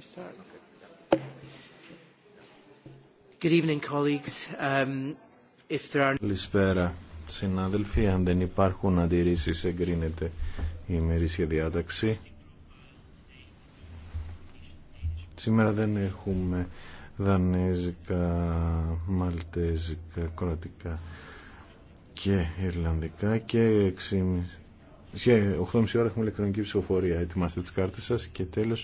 we um, Καλησπέρα, συνάδελφοι. Αν δεν υπάρχουν αντιρρήσει, εγκρίνεται η ημερήσια διάταξη. Σήμερα δεν έχουμε δανέζικα, μαλτέζικα, κροατικά και ιρλανδικά και 6,5 ώρα έχουμε ηλεκτρονική ψηφοφορία. Ετοιμάστε τις κάρτε σα και τέλο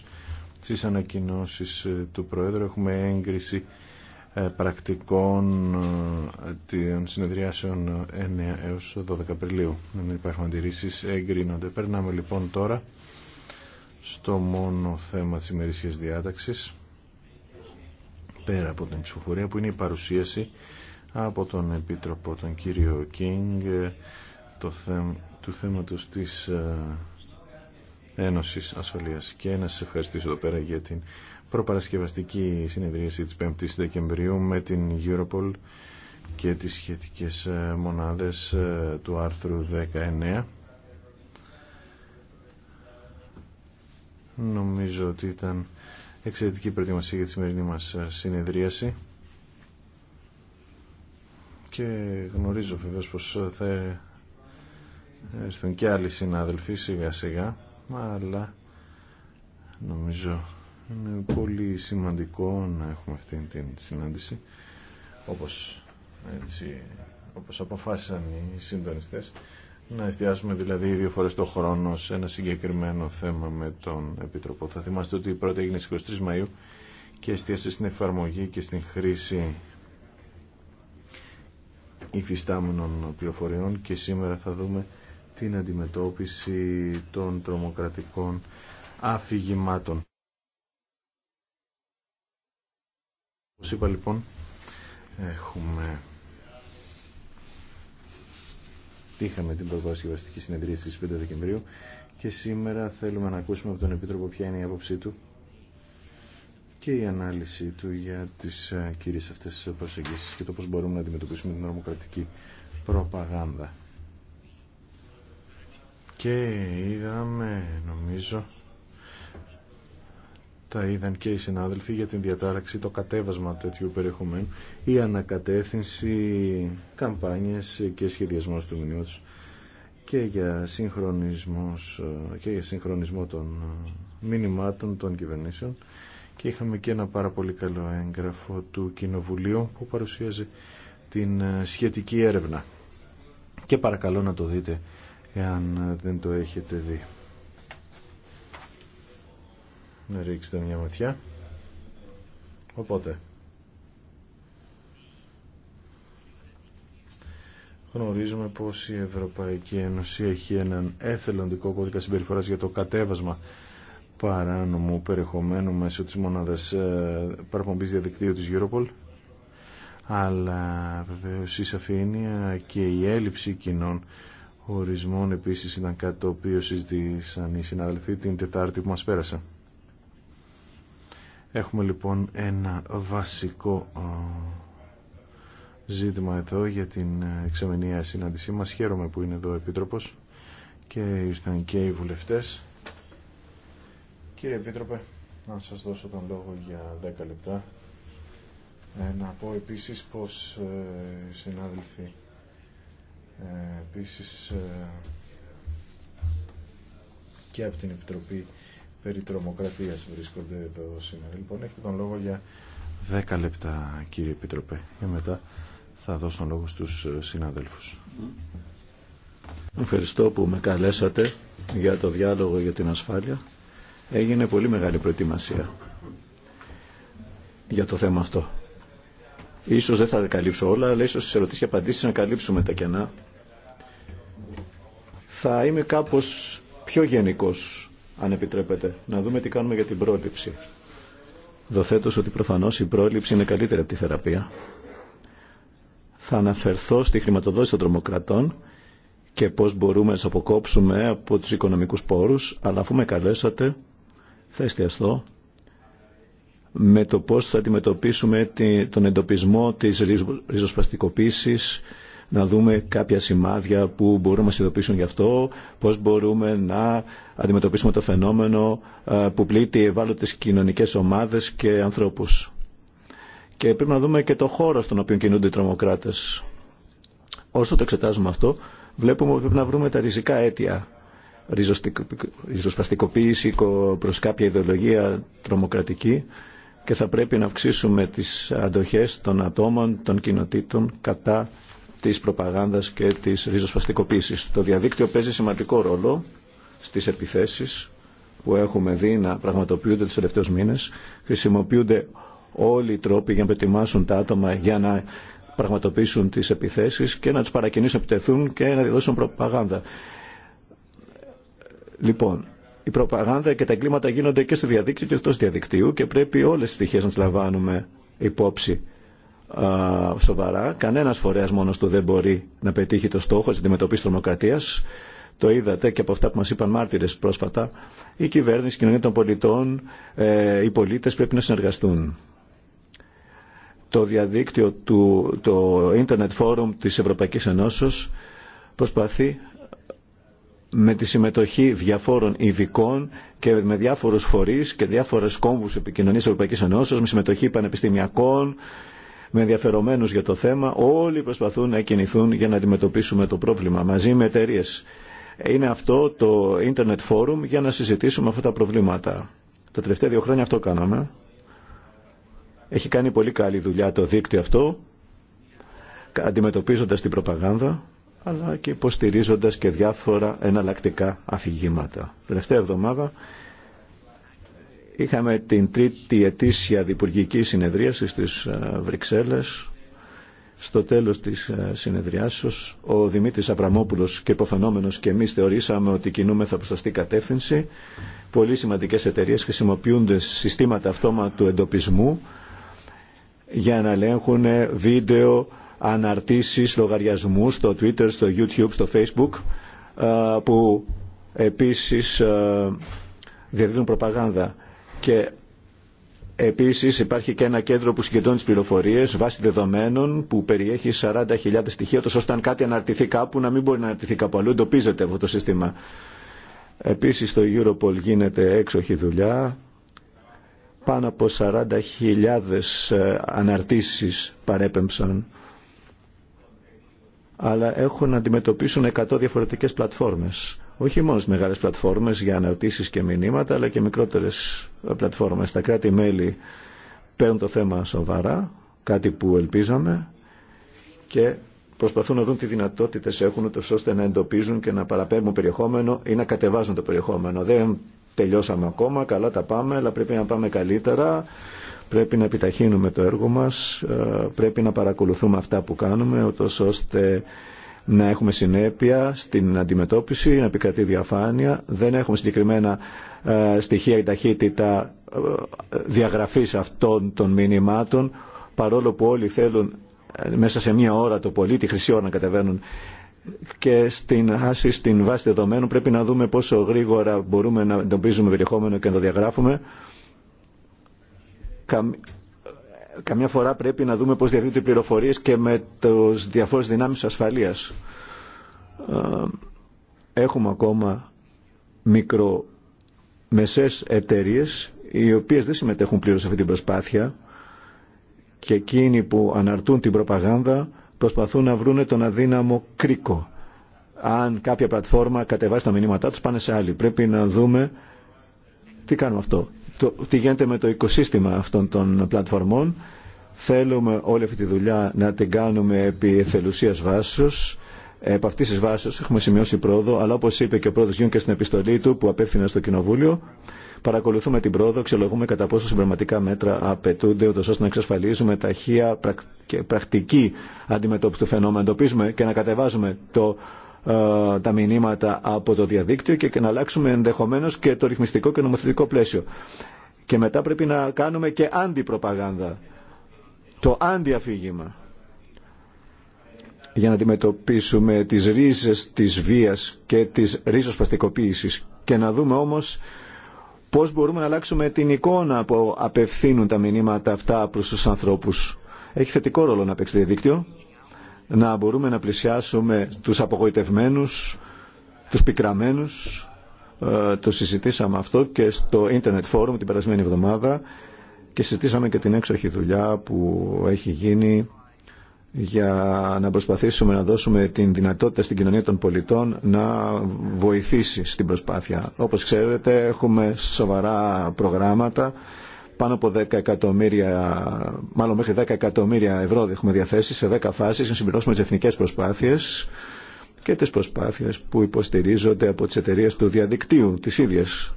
στις ανακοινώσεις ε, του Προέδρου έχουμε έγκριση ε, πρακτικών ε, των συνεδριάσεων 9 έως 12 Απριλίου. Δεν υπάρχουν αντιρρήσεις, εγκρίνονται. Περνάμε λοιπόν τώρα στο μόνο θέμα της ημερησίας διάταξης πέρα από την ψηφοφορία που είναι η παρουσίαση από τον Επίτροπο τον κύριο Κίνγκ το του θέματος της Ένωση Ασφαλείας. Και να σα ευχαριστήσω εδώ πέρα για την προπαρασκευαστική συνεδρίαση της 5 η Δεκεμβρίου με την Europol και τις σχετικές ε, μονάδες ε, του άρθρου 19. Νομίζω ότι ήταν εξαιρετική προετοιμασία για τη σημερινή μας ε, συνεδρίαση και γνωρίζω βεβαίως πως θα έρθουν και άλλοι συνάδελφοι σιγά σιγά αλλά νομίζω είναι πολύ σημαντικό να έχουμε αυτή την συνάντηση όπως, έτσι, όπως αποφάσισαν οι συντονιστές να εστιάσουμε δηλαδή δύο φορές το χρόνο σε ένα συγκεκριμένο θέμα με τον Επιτροπό. Θα θυμάστε ότι η πρώτη έγινε στις 23 Μαΐου και εστίασε στην εφαρμογή και στην χρήση υφιστάμενων πληροφοριών και σήμερα θα δούμε την αντιμετώπιση των τρομοκρατικών αφηγημάτων. Όπως είπα λοιπόν, έχουμε... Είχαμε την προπαρασκευαστική συνεδρία στις 5 Δεκεμβρίου και σήμερα θέλουμε να ακούσουμε από τον Επίτροπο ποια είναι η άποψή του και η ανάλυση του για τις ε, κυρίες αυτές προσεγγίσεις και το πώς μπορούμε να αντιμετωπίσουμε την νομοκρατική προπαγάνδα και είδαμε νομίζω τα είδαν και οι συνάδελφοι για την διατάραξη, το κατέβασμα τέτοιου περιεχομένου, η ανακατεύθυνση, καμπάνιες και σχεδιασμός του μηνύματος και για, συγχρονισμός, και για συγχρονισμό των μηνυμάτων των κυβερνήσεων και είχαμε και ένα πάρα πολύ καλό έγγραφο του Κοινοβουλίου που παρουσιάζει την σχετική έρευνα. Και παρακαλώ να το δείτε εάν δεν το έχετε δει. Να ρίξετε μια ματιά. Οπότε, γνωρίζουμε πως η Ευρωπαϊκή Ένωση έχει έναν εθελοντικό κώδικα συμπεριφοράς για το κατέβασμα παράνομου περιεχομένου μέσω της μονάδας ε, παραπομπής διαδικτύου της Europol αλλά βεβαίως η σαφήνεια και η έλλειψη κοινών ορισμών επίσης ήταν κάτι το οποίο συζητήσαν οι συναδελφοί την Τετάρτη που μας πέρασε. Έχουμε λοιπόν ένα βασικό ζήτημα εδώ για την εξαμενία συνάντησή μας. Χαίρομαι που είναι εδώ ο Επίτροπος και ήρθαν και οι βουλευτές. Κύριε Επίτροπε, να σας δώσω τον λόγο για 10 λεπτά. Ε, να πω επίσης πως ε, συνάδελφοι ε, επίσης ε, και από την Επιτροπή περί τρομοκρατίας βρίσκονται εδώ σήμερα. Λοιπόν, έχετε τον λόγο για 10 λεπτά κύριε Επιτροπέ και μετά θα δώσω τον λόγο στους ε, συναδέλφους. Ευχαριστώ που με καλέσατε για το διάλογο για την ασφάλεια. Έγινε πολύ μεγάλη προετοιμασία για το θέμα αυτό. Ίσως δεν θα καλύψω όλα, αλλά ίσως στις ερωτήσεις και απαντήσεις να καλύψουμε τα κενά. Θα είμαι κάπως πιο γενικός, αν επιτρέπετε, να δούμε τι κάνουμε για την πρόληψη. Δοθέτω ότι προφανώς η πρόληψη είναι καλύτερη από τη θεραπεία. Θα αναφερθώ στη χρηματοδότηση των τρομοκρατών και πώς μπορούμε να τους αποκόψουμε από τους οικονομικούς πόρους, αλλά αφού με καλέσατε θα εστιαστώ με το πώς θα αντιμετωπίσουμε τον εντοπισμό της ριζοσπαστικοποίησης, να δούμε κάποια σημάδια που μπορούν να μας ειδοποιήσουν γι' αυτό, πώς μπορούμε να αντιμετωπίσουμε το φαινόμενο που πλήττει ευάλωτες κοινωνικές ομάδες και ανθρώπους. Και πρέπει να δούμε και το χώρο στον οποίο κινούνται οι τρομοκράτες. Όσο το εξετάζουμε αυτό, βλέπουμε ότι πρέπει να βρούμε τα ριζικά αίτια. Ριζοσπαστικοποίηση προς κάποια ιδεολογία τρομοκρατική, και θα πρέπει να αυξήσουμε τις αντοχές των ατόμων, των κοινοτήτων κατά της προπαγάνδας και της ριζοσπαστικοποίησης. Το διαδίκτυο παίζει σημαντικό ρόλο στις επιθέσεις που έχουμε δει να πραγματοποιούνται τους τελευταίους μήνες. Χρησιμοποιούνται όλοι οι τρόποι για να προετοιμάσουν τα άτομα για να πραγματοποιήσουν τις επιθέσεις και να τους παρακινήσουν να επιτεθούν και να διαδώσουν προπαγάνδα. Λοιπόν, η προπαγάνδα και τα εγκλήματα γίνονται και στο διαδίκτυο και εκτός διαδικτύου και πρέπει όλες τις στοιχείες να τις λαμβάνουμε υπόψη α, σοβαρά. Κανένα φορέας μόνο του δεν μπορεί να πετύχει το στόχο της αντιμετωπίσης τρομοκρατίας. Το είδατε και από αυτά που μας είπαν μάρτυρες πρόσφατα. Η κυβέρνηση, η κοινωνία των πολιτών, ε, οι πολίτες πρέπει να συνεργαστούν. Το διαδίκτυο του το Internet Forum της Ευρωπαϊκής Ενώσεως προσπαθεί με τη συμμετοχή διαφόρων ειδικών και με διάφορου φορεί και διάφορε κόμβου επικοινωνία Ευρωπαϊκή Ενώσεω, με συμμετοχή πανεπιστημιακών, με ενδιαφερομένου για το θέμα. Όλοι προσπαθούν να κινηθούν για να αντιμετωπίσουμε το πρόβλημα μαζί με εταιρείε. Είναι αυτό το Internet Forum για να συζητήσουμε αυτά τα προβλήματα. Τα τελευταία δύο χρόνια αυτό κάναμε. Έχει κάνει πολύ καλή δουλειά το δίκτυο αυτό, αντιμετωπίζοντας την προπαγάνδα αλλά και υποστηρίζοντας και διάφορα εναλλακτικά αφηγήματα. Τελευταία εβδομάδα είχαμε την τρίτη ετήσια διπουργική συνεδρίαση στις ε, Βρυξέλλες. Στο τέλος της ε, συνεδριάσεως ο Δημήτρης Αβραμόπουλος και υποφανόμενος και εμείς θεωρήσαμε ότι κινούμεθα προς αυτή κατεύθυνση. Πολύ σημαντικές εταιρείες χρησιμοποιούνται συστήματα αυτόματου εντοπισμού για να ελέγχουν βίντεο αναρτήσεις λογαριασμού στο Twitter, στο YouTube, στο Facebook ε, που επίσης ε, διαδίδουν προπαγάνδα. Και επίσης υπάρχει και ένα κέντρο που συγκεντρώνει τις πληροφορίες βάσει δεδομένων που περιέχει 40.000 στοιχεία ώστε αν κάτι αναρτηθεί κάπου να μην μπορεί να αναρτηθεί κάπου αλλού, εντοπίζεται αυτό το σύστημα. Επίσης στο Europol γίνεται έξοχη δουλειά πάνω από 40.000 ε, αναρτήσεις παρέπεμψαν αλλά έχουν να αντιμετωπίσουν 100 διαφορετικές πλατφόρμες. Όχι μόνο στις μεγάλες πλατφόρμες για αναρτήσεις και μηνύματα, αλλά και μικρότερες πλατφόρμες. Τα κράτη-μέλη παίρνουν το θέμα σοβαρά, κάτι που ελπίζαμε, και προσπαθούν να δουν τι δυνατότητες έχουν, ώστε να εντοπίζουν και να παραπέμπουν περιεχόμενο ή να κατεβάζουν το περιεχόμενο. Δεν τελειώσαμε ακόμα, καλά τα πάμε, αλλά πρέπει να πάμε καλύτερα Πρέπει να επιταχύνουμε το έργο μας, ε, πρέπει να παρακολουθούμε αυτά που κάνουμε, ώστε να έχουμε συνέπεια στην αντιμετώπιση, να επικρατεί διαφάνεια. Δεν έχουμε συγκεκριμένα ε, στοιχεία ή ταχύτητα ε, διαγραφής αυτών των μηνυμάτων, παρόλο που όλοι θέλουν μέσα σε μία ώρα το πολύ, τη χρυσή ώρα να κατεβαίνουν και στην, άση, στην βάση δεδομένων πρέπει να δούμε πόσο γρήγορα μπορούμε να εντοπίζουμε περιεχόμενο και να το διαγράφουμε καμιά φορά πρέπει να δούμε πώς διαδίδονται οι πληροφορίες και με τους διαφόρους δυνάμεις ασφαλείας. Ε, έχουμε ακόμα μικρομεσές εταιρείες οι οποίες δεν συμμετέχουν πλήρως σε αυτή την προσπάθεια και εκείνοι που αναρτούν την προπαγάνδα προσπαθούν να βρούνε τον αδύναμο κρίκο. Αν κάποια πλατφόρμα κατεβάσει τα μηνύματά τους πάνε σε άλλη. Πρέπει να δούμε τι κάνουμε αυτό το, τι γίνεται με το οικοσύστημα αυτών των πλατφορμών. Θέλουμε όλη αυτή τη δουλειά να την κάνουμε επί εθελουσίας βάσεως. Επ' αυτής της βάση έχουμε σημειώσει πρόοδο, αλλά όπως είπε και ο πρόεδρος Γιούνκερ στην επιστολή του που απέφθηνα στο Κοινοβούλιο, παρακολουθούμε την πρόοδο, εξελογούμε κατά πόσο συμπληρωματικά μέτρα απαιτούνται, ούτω ώστε να εξασφαλίζουμε ταχεία και πρακτική αντιμετώπιση του φαινόμενου. Εντοπίζουμε και να κατεβάζουμε το ε, τα μηνύματα από το διαδίκτυο και να αλλάξουμε ενδεχομένως και το ρυθμιστικό και νομοθετικό πλαίσιο. Και μετά πρέπει να κάνουμε και αντιπροπαγάνδα, το αντιαφήγημα για να αντιμετωπίσουμε τις ρίζες της βίας και της πρακτικοποίησης και να δούμε όμως πώς μπορούμε να αλλάξουμε την εικόνα που απευθύνουν τα μηνύματα αυτά προς τους ανθρώπους. Έχει θετικό ρόλο να παίξει το διαδίκτυο να μπορούμε να πλησιάσουμε τους απογοητευμένους, τους πικραμένους. Ε, το συζητήσαμε αυτό και στο Internet Forum την περασμένη εβδομάδα και συζητήσαμε και την έξοχη δουλειά που έχει γίνει για να προσπαθήσουμε να δώσουμε την δυνατότητα στην κοινωνία των πολιτών να βοηθήσει στην προσπάθεια. Όπως ξέρετε έχουμε σοβαρά προγράμματα πάνω από 10 εκατομμύρια, μάλλον μέχρι 10 εκατομμύρια ευρώ έχουμε διαθέσει σε 10 φάσεις να συμπληρώσουμε τις εθνικές προσπάθειες και τις προσπάθειες που υποστηρίζονται από τις εταιρείε του διαδικτύου τις ίδιες.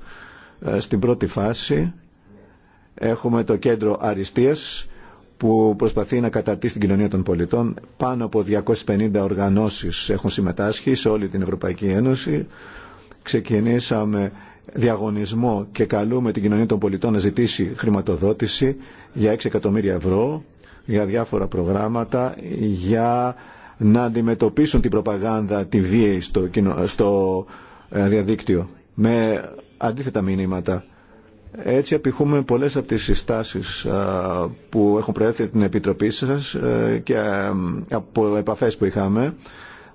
Ε, στην πρώτη φάση έχουμε το κέντρο αριστείας που προσπαθεί να καταρτήσει την κοινωνία των πολιτών. Πάνω από 250 οργανώσεις έχουν συμμετάσχει σε όλη την Ευρωπαϊκή Ένωση. Ξεκινήσαμε διαγωνισμό και καλούμε την κοινωνία των πολιτών να ζητήσει χρηματοδότηση για 6 εκατομμύρια ευρώ για διάφορα προγράμματα για να αντιμετωπίσουν την προπαγάνδα, τη βία στο, ε, διαδίκτυο με αντίθετα μηνύματα. Έτσι απηχούμε πολλές από τις συστάσεις που έχουν προέρθει την Επιτροπή σας ε, και ε, από επαφές που είχαμε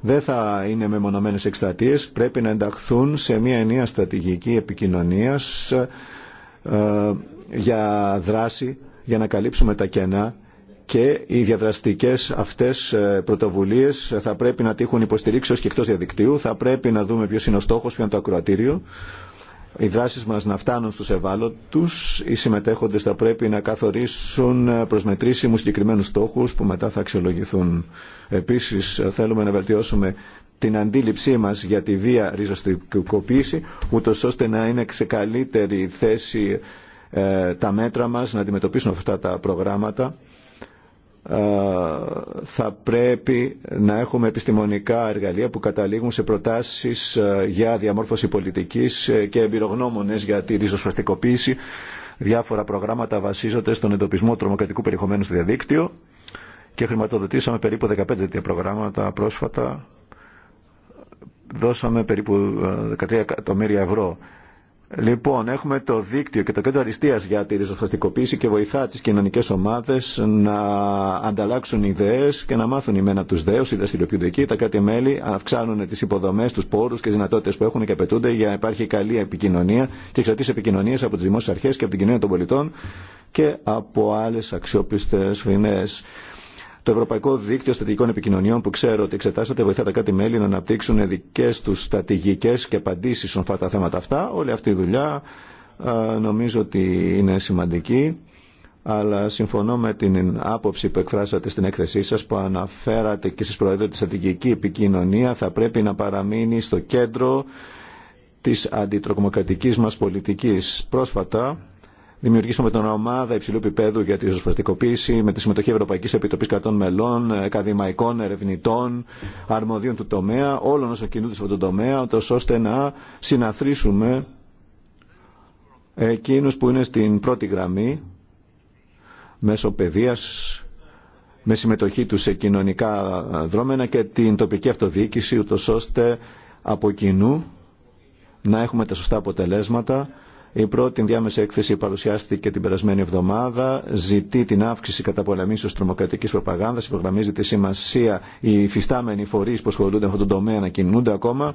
δεν θα είναι μεμονωμένες εκστρατείες, πρέπει να ενταχθούν σε μια ενιαία στρατηγική επικοινωνίας ε, για δράση, για να καλύψουμε τα κενά και οι διαδραστικές αυτές ε, πρωτοβουλίες θα πρέπει να τύχουν υποστηρίξεως και εκτός διαδικτύου, θα πρέπει να δούμε ποιος είναι ο στόχος, ποιο είναι το ακροατήριο οι δράσεις μας να φτάνουν στους ευάλωτους, οι συμμετέχοντες θα πρέπει να καθορίσουν προσμετρήσιμους συγκεκριμένους στόχους που μετά θα αξιολογηθούν. Επίσης θέλουμε να βελτιώσουμε την αντίληψή μας για τη βία ριζοστικοποίηση, ούτως ώστε να είναι σε καλύτερη θέση ε, τα μέτρα μας να αντιμετωπίσουν αυτά τα προγράμματα ε, θα πρέπει να έχουμε επιστημονικά εργαλεία που καταλήγουν σε προτάσεις ε, για διαμόρφωση πολιτικής ε, και εμπειρογνώμονες για τη ριζοσφαστικοποίηση. Διάφορα προγράμματα βασίζονται στον εντοπισμό τρομοκρατικού περιεχομένου στο διαδίκτυο και χρηματοδοτήσαμε περίπου 15 τέτοια προγράμματα πρόσφατα. Δώσαμε περίπου 13 εκατομμύρια ευρώ Λοιπόν, έχουμε το δίκτυο και το κέντρο αριστεία για τη ριζοσπαστικοποίηση και βοηθά τι κοινωνικέ ομάδε να ανταλλάξουν ιδέε και να μάθουν οι μένα του δέου, οι δραστηριοποιούνται εκεί. Τα κράτη-μέλη αυξάνουν τι υποδομέ, του πόρου και τι δυνατότητε που έχουν και απαιτούνται για να υπάρχει καλή επικοινωνία και εξαρτή επικοινωνία από τι δημόσιε αρχέ και από την κοινωνία των πολιτών και από άλλε αξιόπιστε φινέ. Το Ευρωπαϊκό Δίκτυο Στρατηγικών Επικοινωνιών που ξέρω ότι εξετάσατε βοηθά τα κράτη-μέλη να αναπτύξουν δικέ του στρατηγικέ και απαντήσει σε αυτά τα θέματα αυτά. Όλη αυτή η δουλειά νομίζω ότι είναι σημαντική αλλά συμφωνώ με την άποψη που εκφράσατε στην έκθεσή σας που αναφέρατε και στις ότι η στρατηγική επικοινωνία θα πρέπει να παραμείνει στο κέντρο τη αντιτροκομοκρατική μα πολιτική. Πρόσφατα Δημιουργήσουμε την ομάδα υψηλού επίπεδου για τη ζωσπαστικοποίηση με τη συμμετοχή Ευρωπαϊκή Επιτροπή Κρατών Μελών, ακαδημαϊκών, ερευνητών, αρμοδίων του τομέα, όλων όσων κινούνται σε αυτόν τον τομέα, ώστε να συναθρήσουμε εκείνους που είναι στην πρώτη γραμμή μέσω παιδείας, με συμμετοχή τους σε κοινωνικά δρόμενα και την τοπική αυτοδιοίκηση, ούτως ώστε από κοινού να έχουμε τα σωστά αποτελέσματα η πρώτη διάμεσα έκθεση παρουσιάστηκε την περασμένη εβδομάδα. Ζητεί την αύξηση κατά πολεμήσεω τρομοκρατική προπαγάνδα. Υπογραμμίζει τη σημασία οι φυστάμενοι φορεί που ασχολούνται με αυτόν τον τομέα να κινούνται ακόμα.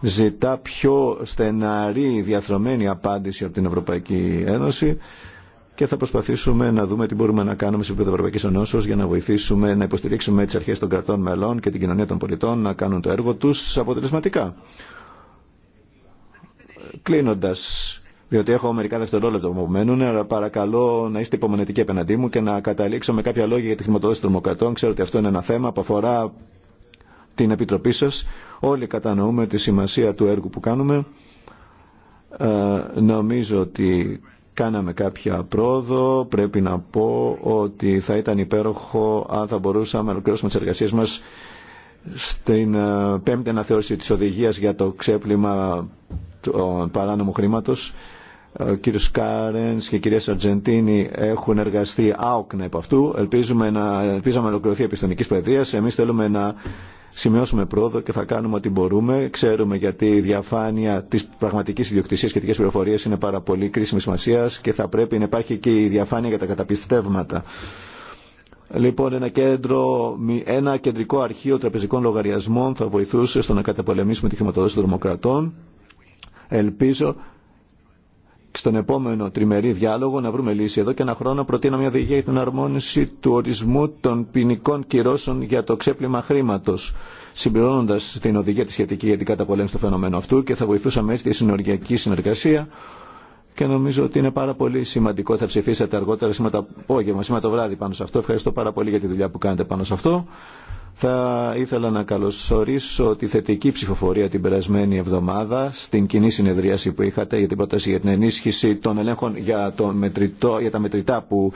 Ζητά πιο στεναρή διαθρωμένη απάντηση από την Ευρωπαϊκή Ένωση και θα προσπαθήσουμε να δούμε τι μπορούμε να κάνουμε σε επίπεδο Ευρωπαϊκή Ενώσεω για να βοηθήσουμε να υποστηρίξουμε τι αρχέ των κρατών μελών και την κοινωνία των πολιτών να κάνουν το έργο του αποτελεσματικά. Κλείνοντα, διότι έχω μερικά δευτερόλεπτα που μένουν, αλλά παρακαλώ να είστε υπομονετικοί απέναντί μου και να καταλήξω με κάποια λόγια για τη χρηματοδότηση των δημοκρατών. Ξέρω ότι αυτό είναι ένα θέμα που αφορά την Επιτροπή σα. Όλοι κατανοούμε τη σημασία του έργου που κάνουμε. Ε, νομίζω ότι κάναμε κάποια πρόοδο. Πρέπει να πω ότι θα ήταν υπέροχο αν θα μπορούσαμε να ολοκληρώσουμε τι εργασίε μα στην ε, πέμπτη αναθεώρηση της οδηγίας για το ξέπλυμα του παράνομου χρήματο. Ε, ο κύριο Κάρεν και η κυρία Σαρτζεντίνη έχουν εργαστεί άοκνα επ' αυτού. Ελπίζουμε να, ελπίζαμε να ολοκληρωθεί η επιστονική παιδεία. Εμεί θέλουμε να σημειώσουμε πρόοδο και θα κάνουμε ό,τι μπορούμε. Ξέρουμε γιατί η διαφάνεια τη πραγματική ιδιοκτησία και τη πληροφορία είναι πάρα πολύ κρίσιμη σημασία και θα πρέπει να υπάρχει και η διαφάνεια για τα καταπιστεύματα. Λοιπόν, ένα, κέντρο, ένα κεντρικό αρχείο τραπεζικών λογαριασμών θα βοηθούσε στο να καταπολεμήσουμε τη χρηματοδότηση των δημοκρατών. Ελπίζω στον επόμενο τριμερή διάλογο να βρούμε λύση. Εδώ και ένα χρόνο προτείνω μια οδηγία για την αρμόνιση του ορισμού των ποινικών κυρώσεων για το ξέπλυμα χρήματο, συμπληρώνοντα την οδηγία τη σχετική για την καταπολέμηση του φαινομένου αυτού και θα βοηθούσαμε έτσι τη συνοριακή συνεργασία. Και νομίζω ότι είναι πάρα πολύ σημαντικό. Θα ψηφίσετε αργότερα σήμερα το απόγευμα, σήμερα το βράδυ πάνω σε αυτό. Ευχαριστώ πάρα πολύ για τη δουλειά που κάνετε πάνω σε αυτό. Θα ήθελα να καλωσορίσω τη θετική ψηφοφορία την περασμένη εβδομάδα στην κοινή συνεδρίαση που είχατε για την πρόταση για την ενίσχυση των ελέγχων για, το μετρητό, για τα μετρητά που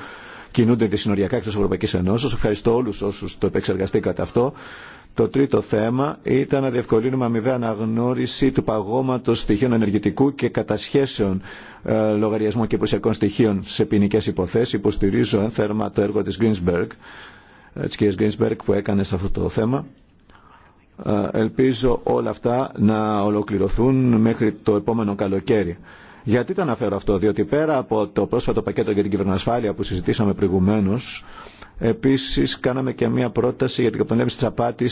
κινούνται δυσυνοριακά εκτός Ευρωπαϊκής Ενώσης. Ευχαριστώ όλους όσους το επεξεργαστήκατε αυτό. Το τρίτο θέμα ήταν να διευκολύνουμε αμοιβαία αναγνώριση του παγώματο στοιχείων ενεργητικού και κατασχέσεων ε, λογαριασμών και προσιακών στοιχείων σε ποινικέ υποθέσει. Υποστηρίζω ένθερμα το έργο τη Greensberg ε, της κυρίας Γκρινσμπερκ που έκανε σε αυτό το θέμα. Ε, ελπίζω όλα αυτά να ολοκληρωθούν μέχρι το επόμενο καλοκαίρι. Γιατί τα αναφέρω αυτό, διότι πέρα από το πρόσφατο πακέτο για την κυβερνοασφάλεια που συζητήσαμε προηγουμένω, επίση κάναμε και μια πρόταση για την κατονέμηση τη απάτη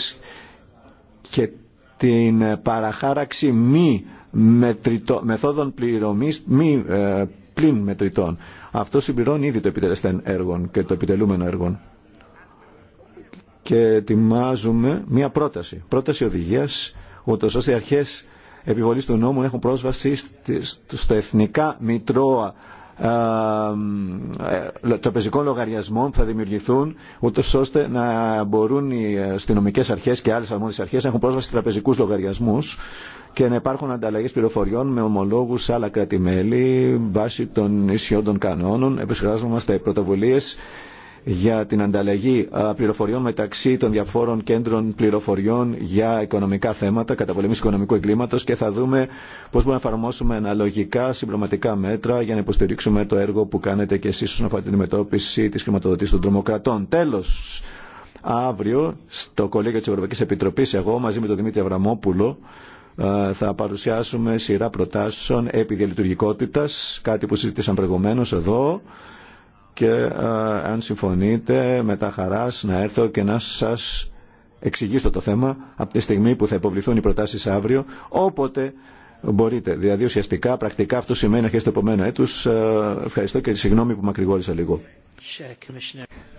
και την ε, παραχάραξη μη μεθόδων πληρωμή μη πλην μετρητών. Αυτό συμπληρώνει ήδη το επιτελεστέν έργο και το επιτελούμενο έργο και ετοιμάζουμε μία πρόταση. Πρόταση οδηγία, ούτω ώστε οι αρχέ επιβολή του νόμου έχουν πρόσβαση στο εθνικά μητρώα ε, τραπεζικών λογαριασμών που θα δημιουργηθούν, ούτω ώστε να μπορούν οι αστυνομικέ αρχέ και άλλε αρμόδιε αρχέ να έχουν πρόσβαση σε τραπεζικού λογαριασμού και να υπάρχουν ανταλλαγέ πληροφοριών με ομολόγου σε άλλα κράτη-μέλη βάσει των ισιών των κανόνων. Επισχυράζομαστε πρωτοβουλίε για την ανταλλαγή πληροφοριών μεταξύ των διαφόρων κέντρων πληροφοριών για οικονομικά θέματα, καταπολεμής οικονομικού εγκλήματος και θα δούμε πώς μπορούμε να εφαρμόσουμε αναλογικά συμπληρωματικά μέτρα για να υποστηρίξουμε το έργο που κάνετε και εσείς όσον αφορά την αντιμετώπιση της χρηματοδοτής των τρομοκρατών. Τέλος, αύριο στο Κολέγιο της Ευρωπαϊκής Επιτροπής, εγώ μαζί με τον Δημήτρη Αβραμόπουλο, θα παρουσιάσουμε σειρά προτάσεων επί κάτι που συζητήσαμε προηγουμένως εδώ και ε, αν συμφωνείτε με τα χαράς να έρθω και να σας εξηγήσω το θέμα από τη στιγμή που θα υποβληθούν οι προτάσεις αύριο όποτε μπορείτε. Δηλαδή ουσιαστικά, πρακτικά αυτό σημαίνει αρχές του επομένου έτους. Ε, ευχαριστώ και συγγνώμη που μακρηγόρησα λίγο.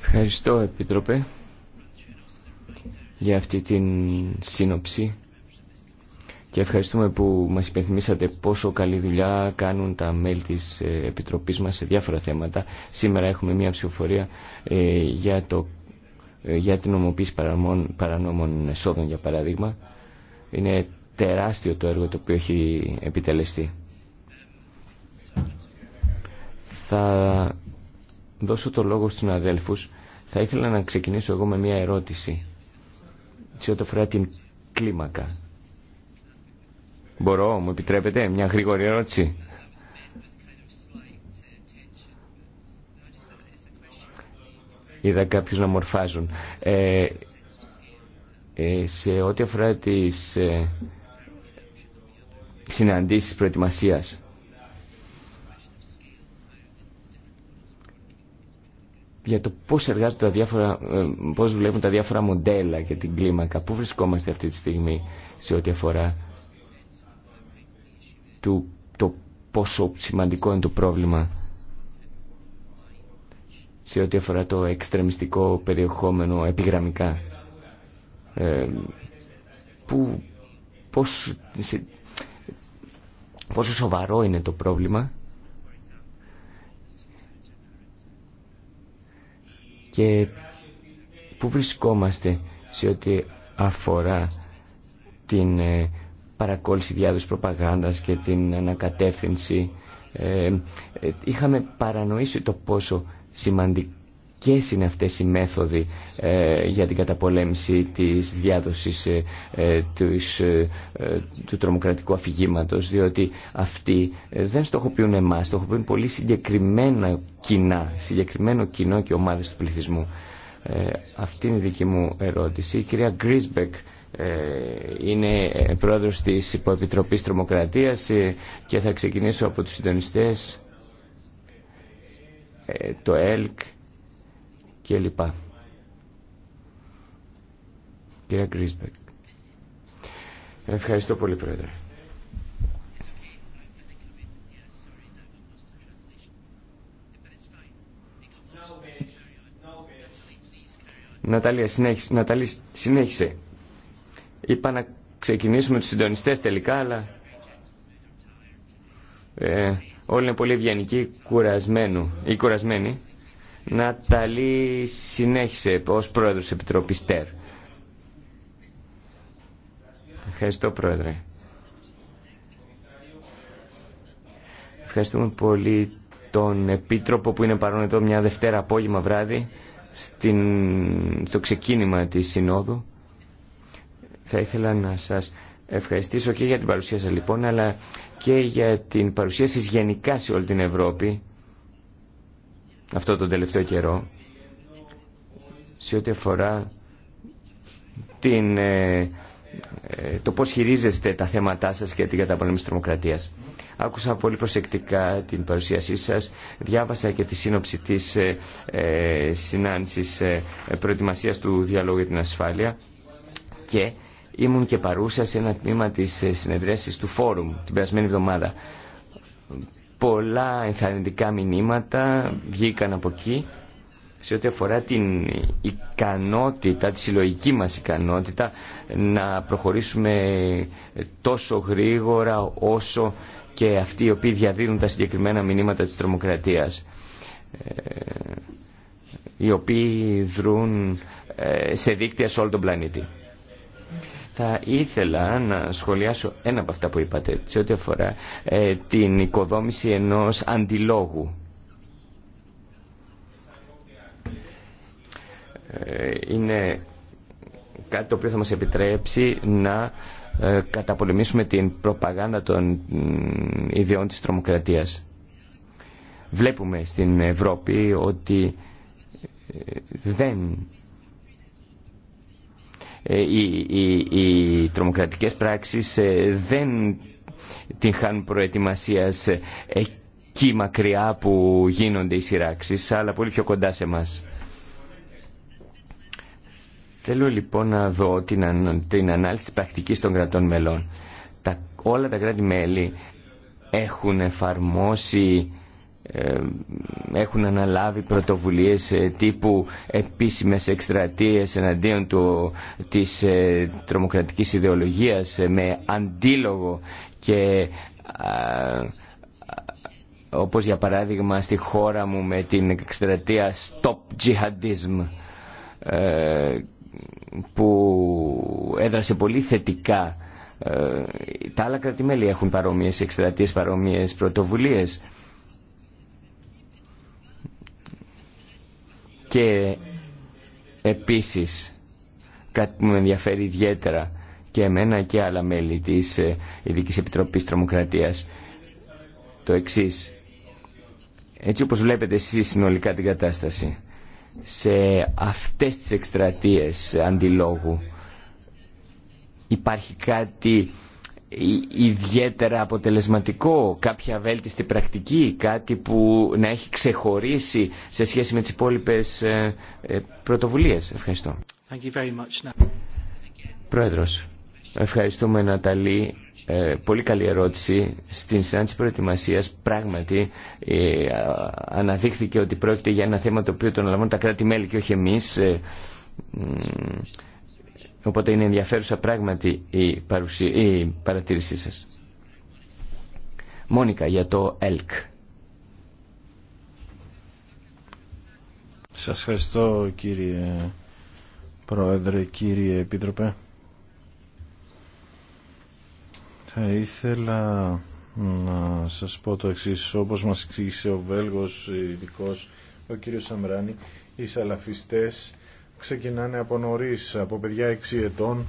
Ευχαριστώ Επίτροπε για αυτή την σύνοψη και ευχαριστούμε που μας υπενθυμίσατε πόσο καλή δουλειά κάνουν τα μέλη της ε, Επιτροπής μας σε διάφορα θέματα. Σήμερα έχουμε μια ψηφοφορία ε, για, το, ε, για την ομοποίηση παρανόμων, παρανόμων εσόδων, για παράδειγμα. Είναι τεράστιο το έργο το οποίο έχει επιτελεστεί. Θα δώσω το λόγο στους αδέλφους. Θα ήθελα να ξεκινήσω εγώ με μια ερώτηση σε ό,τι αφορά την κλίμακα Μπορώ, μου επιτρέπετε, μια γρήγορη ερώτηση. Είδα κάποιους να μορφάζουν. Ε, ε, σε ό,τι αφορά τις ε, συναντήσεις προετοιμασίας, για το πώς εργάζονται τα διάφορα, ε, πώς βλέπουν τα διάφορα μοντέλα για την κλίμακα. Πού βρισκόμαστε αυτή τη στιγμή σε ό,τι αφορά το πόσο σημαντικό είναι το πρόβλημα σε ό,τι αφορά το εξτρεμιστικό περιεχόμενο επιγραμμικά. Ε, που, πόσο, σε, σοβαρό είναι το πρόβλημα και πού βρισκόμαστε σε ό,τι αφορά την ε, παρακόλληση διάδοση προπαγάνδας και την ανακατεύθυνση. Ε, ε, είχαμε παρανοήσει το πόσο σημαντικές είναι αυτές οι μέθοδοι ε, για την καταπολέμηση της διάδοσης του τρομοκρατικού αφηγήματος, διότι αυτοί δεν στοχοποιούν εμάς, στοχοποιούν πολύ συγκεκριμένα κοινά, συγκεκριμένο κοινό και ομάδες του πληθυσμού. Αυτή είναι η δική μου ερώτηση. Η κυρία Γκρίσμπεκ ε, είναι πρόεδρος της Υποεπιτροπής Τρομοκρατίας ε, και θα ξεκινήσω από τους συντονιστές, ε, το ΕΛΚ και λοιπά. Γκρίσμπεκ. Ευχαριστώ πολύ, Πρόεδρε. Ναταλία, Ναταλή, συνέχισε. Είπα να ξεκινήσουμε τους συντονιστές τελικά, αλλά ε, όλοι είναι πολύ ευγενικοί ή κουρασμένοι. Ναταλή συνέχισε ως πρόεδρος της Επιτροπής ΤΕΡ. Ευχαριστώ πρόεδρε. Ευχαριστούμε πολύ τον Επίτροπο που είναι παρόν εδώ μια Δευτέρα απόγευμα βράδυ στην, στο ξεκίνημα της Συνόδου. Θα ήθελα να σας ευχαριστήσω και για την παρουσία σας λοιπόν, αλλά και για την παρουσία σας γενικά σε όλη την Ευρώπη, αυτό τον τελευταίο καιρό, σε ό,τι αφορά την, ε, ε το πώς χειρίζεστε τα θέματά σας και την καταπολέμηση της τρομοκρατίας. Άκουσα πολύ προσεκτικά την παρουσίασή σας, διάβασα και τη σύνοψη της ε, ε συνάντησης ε, του διαλόγου για την ασφάλεια και ήμουν και παρούσα σε ένα τμήμα της ε, συνεδρίασης του Φόρουμ την περασμένη εβδομάδα. Πολλά ενθαρρυντικά μηνύματα βγήκαν από εκεί σε ό,τι αφορά την ικανότητα, τη συλλογική μας ικανότητα να προχωρήσουμε τόσο γρήγορα όσο και αυτοί οι οποίοι διαδίδουν τα συγκεκριμένα μηνύματα της τρομοκρατίας ε, οι οποίοι δρούν ε, σε δίκτυα σε όλο τον πλανήτη. Θα ήθελα να σχολιάσω ένα από αυτά που είπατε, σε ό,τι αφορά ε, την οικοδόμηση ενός αντιλόγου. Ε, είναι κάτι το οποίο θα μας επιτρέψει να ε, καταπολεμήσουμε την προπαγάνδα των ιδιών της τρομοκρατίας. Βλέπουμε στην Ευρώπη ότι ε, δεν ε, οι, οι, οι τρομοκρατικές πράξεις ε, δεν την χάνουν προετοιμασίας ε, εκεί μακριά που γίνονται οι σειράξεις, αλλά πολύ πιο κοντά σε μας. Θέλω λοιπόν να δω την, την ανάλυση της πρακτικής των κρατών μελών. Τα, όλα τα κράτη-μέλη έχουν εφαρμόσει ε, έχουν αναλάβει πρωτοβουλίες ε, τύπου επίσημες εκστρατείες εναντίον του, της ε, τρομοκρατικής ιδεολογίας με αντίλογο και όπως για παράδειγμα στη χώρα μου με την εκστρατεία Stop Jihadism που έδρασε πολύ θετικά τα άλλα κρατημέλη έχουν παρόμοιες εκστρατείες, παρόμοιες πρωτοβουλίες Και επίσης, κάτι που με ενδιαφέρει ιδιαίτερα και εμένα και άλλα μέλη της ε, Ειδική Επιτροπής Τρομοκρατίας, το εξής. Έτσι όπως βλέπετε εσείς συνολικά την κατάσταση, σε αυτές τις εκστρατείες αντιλόγου υπάρχει κάτι ιδιαίτερα αποτελεσματικό, κάποια βέλτιστη πρακτική, κάτι που να έχει ξεχωρίσει σε σχέση με τις υπόλοιπες ε, ε, πρωτοβουλίες. Ευχαριστώ. Thank you very much. Πρόεδρος, ευχαριστούμε Ναταλή. Ε, πολύ καλή ερώτηση. Στην συνάντηση προετοιμασία πράγματι ε, αναδείχθηκε ότι πρόκειται για ένα θέμα το οποίο το αναλαμβάνουν τα κράτη-μέλη και όχι εμείς. Οπότε είναι ενδιαφέρουσα πράγματι η, η παρατήρησή σας. Μόνικα για το ΕΛΚ. Σας ευχαριστώ κύριε Πρόεδρε, κύριε Επίτροπε. Θα ήθελα να σας πω το εξής. Όπως μας εξήγησε ο Βέλγος ειδικό ο κύριος Σαμράνη, οι σαλαφιστές ξεκινάνε από νωρί, από παιδιά 6 ετών,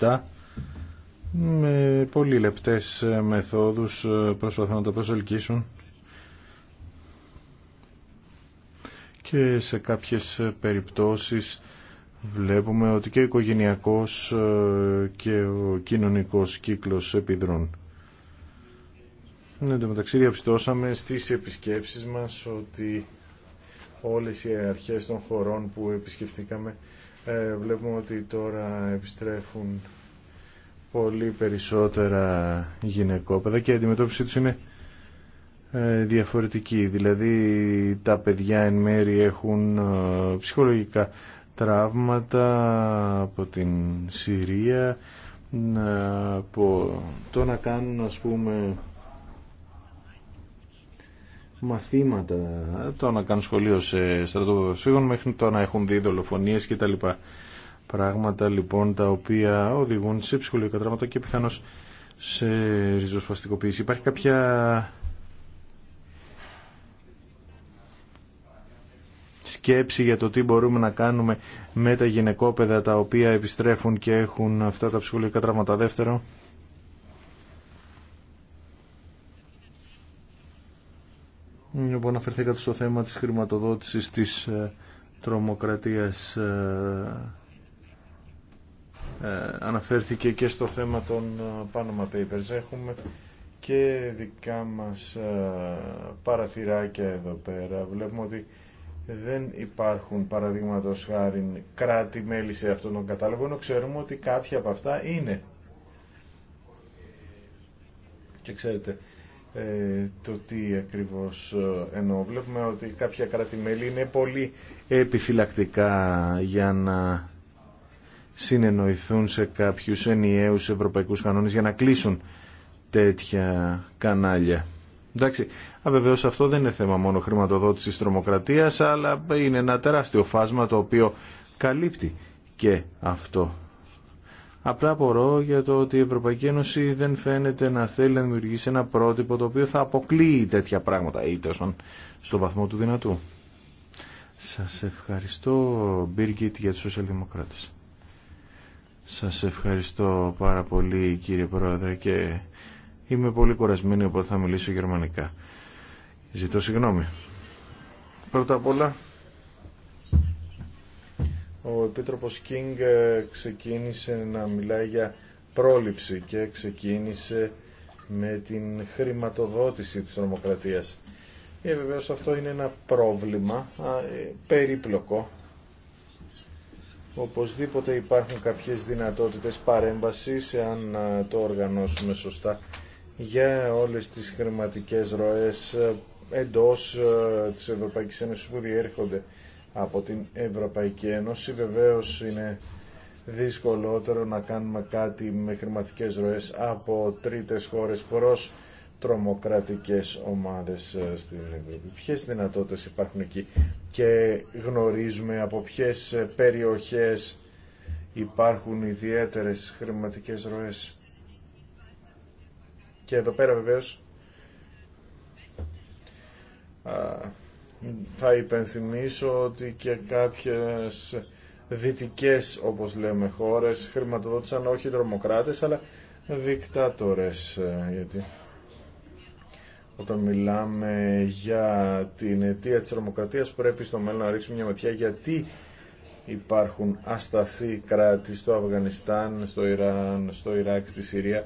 7, με πολύ λεπτές ε, μεθόδους ε, προσπαθούν να τα προσελκύσουν και σε κάποιες ε, περιπτώσεις βλέπουμε ότι και ο οικογενειακός και ο κοινωνικός κύκλος επιδρούν. Εν τω μεταξύ διαπιστώσαμε στις επισκέψεις μας ότι όλες οι αρχές των χωρών που επισκεφτήκαμε ε, βλέπουμε ότι τώρα επιστρέφουν πολύ περισσότερα γυναικόπαιδα και η αντιμετώπιση τους είναι ε, διαφορετική. Δηλαδή τα παιδιά εν μέρη έχουν ε, ψυχολογικά τραύματα από την Συρία από το να κάνουν ας πούμε μαθήματα το να κάνουν σχολείο σε στρατόπεδο φύγων μέχρι το να έχουν δει δολοφονίες κτλ. Πράγματα λοιπόν τα οποία οδηγούν σε ψυχολογικά τραύματα και πιθανώς σε ριζοσπαστικοποίηση. Υπάρχει κάποια σκέψη για το τι μπορούμε να κάνουμε με τα γυναικόπαιδα τα οποία επιστρέφουν και έχουν αυτά τα ψυχολογικά τραύματα δεύτερο. αναφερθήκατε στο θέμα της χρηματοδότησης της ε, τρομοκρατίας ε, ε, αναφέρθηκε και στο θέμα των Panama Papers. Έχουμε και δικά μας παραθυράκια εδώ πέρα. Βλέπουμε ότι δεν υπάρχουν παραδείγματο χάρη κράτη-μέλη σε αυτόν τον κατάλογο, ενώ ξέρουμε ότι κάποια από αυτά είναι. Και ξέρετε, ε, το τι ακριβώς ε, εννοώ. Βλέπουμε ότι κάποια κράτη-μέλη είναι πολύ επιφυλακτικά για να συνεννοηθούν σε κάποιους ενιαίους ευρωπαϊκούς κανόνες για να κλείσουν τέτοια κανάλια. Εντάξει, βεβαίω αυτό δεν είναι θέμα μόνο χρηματοδότησης τρομοκρατίας, αλλά είναι ένα τεράστιο φάσμα το οποίο καλύπτει και αυτό Απλά απορώ για το ότι η Ευρωπαϊκή Ένωση δεν φαίνεται να θέλει να δημιουργήσει ένα πρότυπο το οποίο θα αποκλείει τέτοια πράγματα ή τόσο στο βαθμό του δυνατού. Σας ευχαριστώ, Μπίργκιτ, για τους σοσιαλδημοκράτες. Σας ευχαριστώ πάρα πολύ, κύριε Πρόεδρε, και είμαι πολύ κουρασμένη, οπότε θα μιλήσω γερμανικά. Ζητώ συγγνώμη. Πρώτα απ' όλα, ο Επίτροπος Κίνγκ ε, ξεκίνησε να μιλάει για πρόληψη και ξεκίνησε με την χρηματοδότηση της νομοκρατίας. Ε, βεβαίως αυτό είναι ένα πρόβλημα ε, περίπλοκο. Οπωσδήποτε υπάρχουν κάποιες δυνατότητες παρέμβασης, αν το οργανώσουμε σωστά, για όλες τις χρηματικές ροές ε, εντός της Ευρωπαϊκής Ένωσης που διέρχονται από την Ευρωπαϊκή Ένωση. Βεβαίως είναι δυσκολότερο να κάνουμε κάτι με χρηματικές ροές από τρίτες χώρες προς τρομοκρατικές ομάδες ε, στην Ευρώπη. Ποιες δυνατότητες υπάρχουν εκεί και γνωρίζουμε από ποιες ε, περιοχές υπάρχουν ιδιαίτερες χρηματικές ροές. Και εδώ πέρα βεβαίως θα υπενθυμίσω ότι και κάποιες δυτικές, όπως λέμε, χώρες χρηματοδότησαν όχι δρομοκράτες, αλλά δικτάτορες. Ε, γιατί όταν μιλάμε για την αιτία της τρομοκρατίας πρέπει στο μέλλον να ρίξουμε μια ματιά γιατί υπάρχουν ασταθή κράτη στο Αφγανιστάν, στο Ιράν, στο Ιράκ, στη Συρία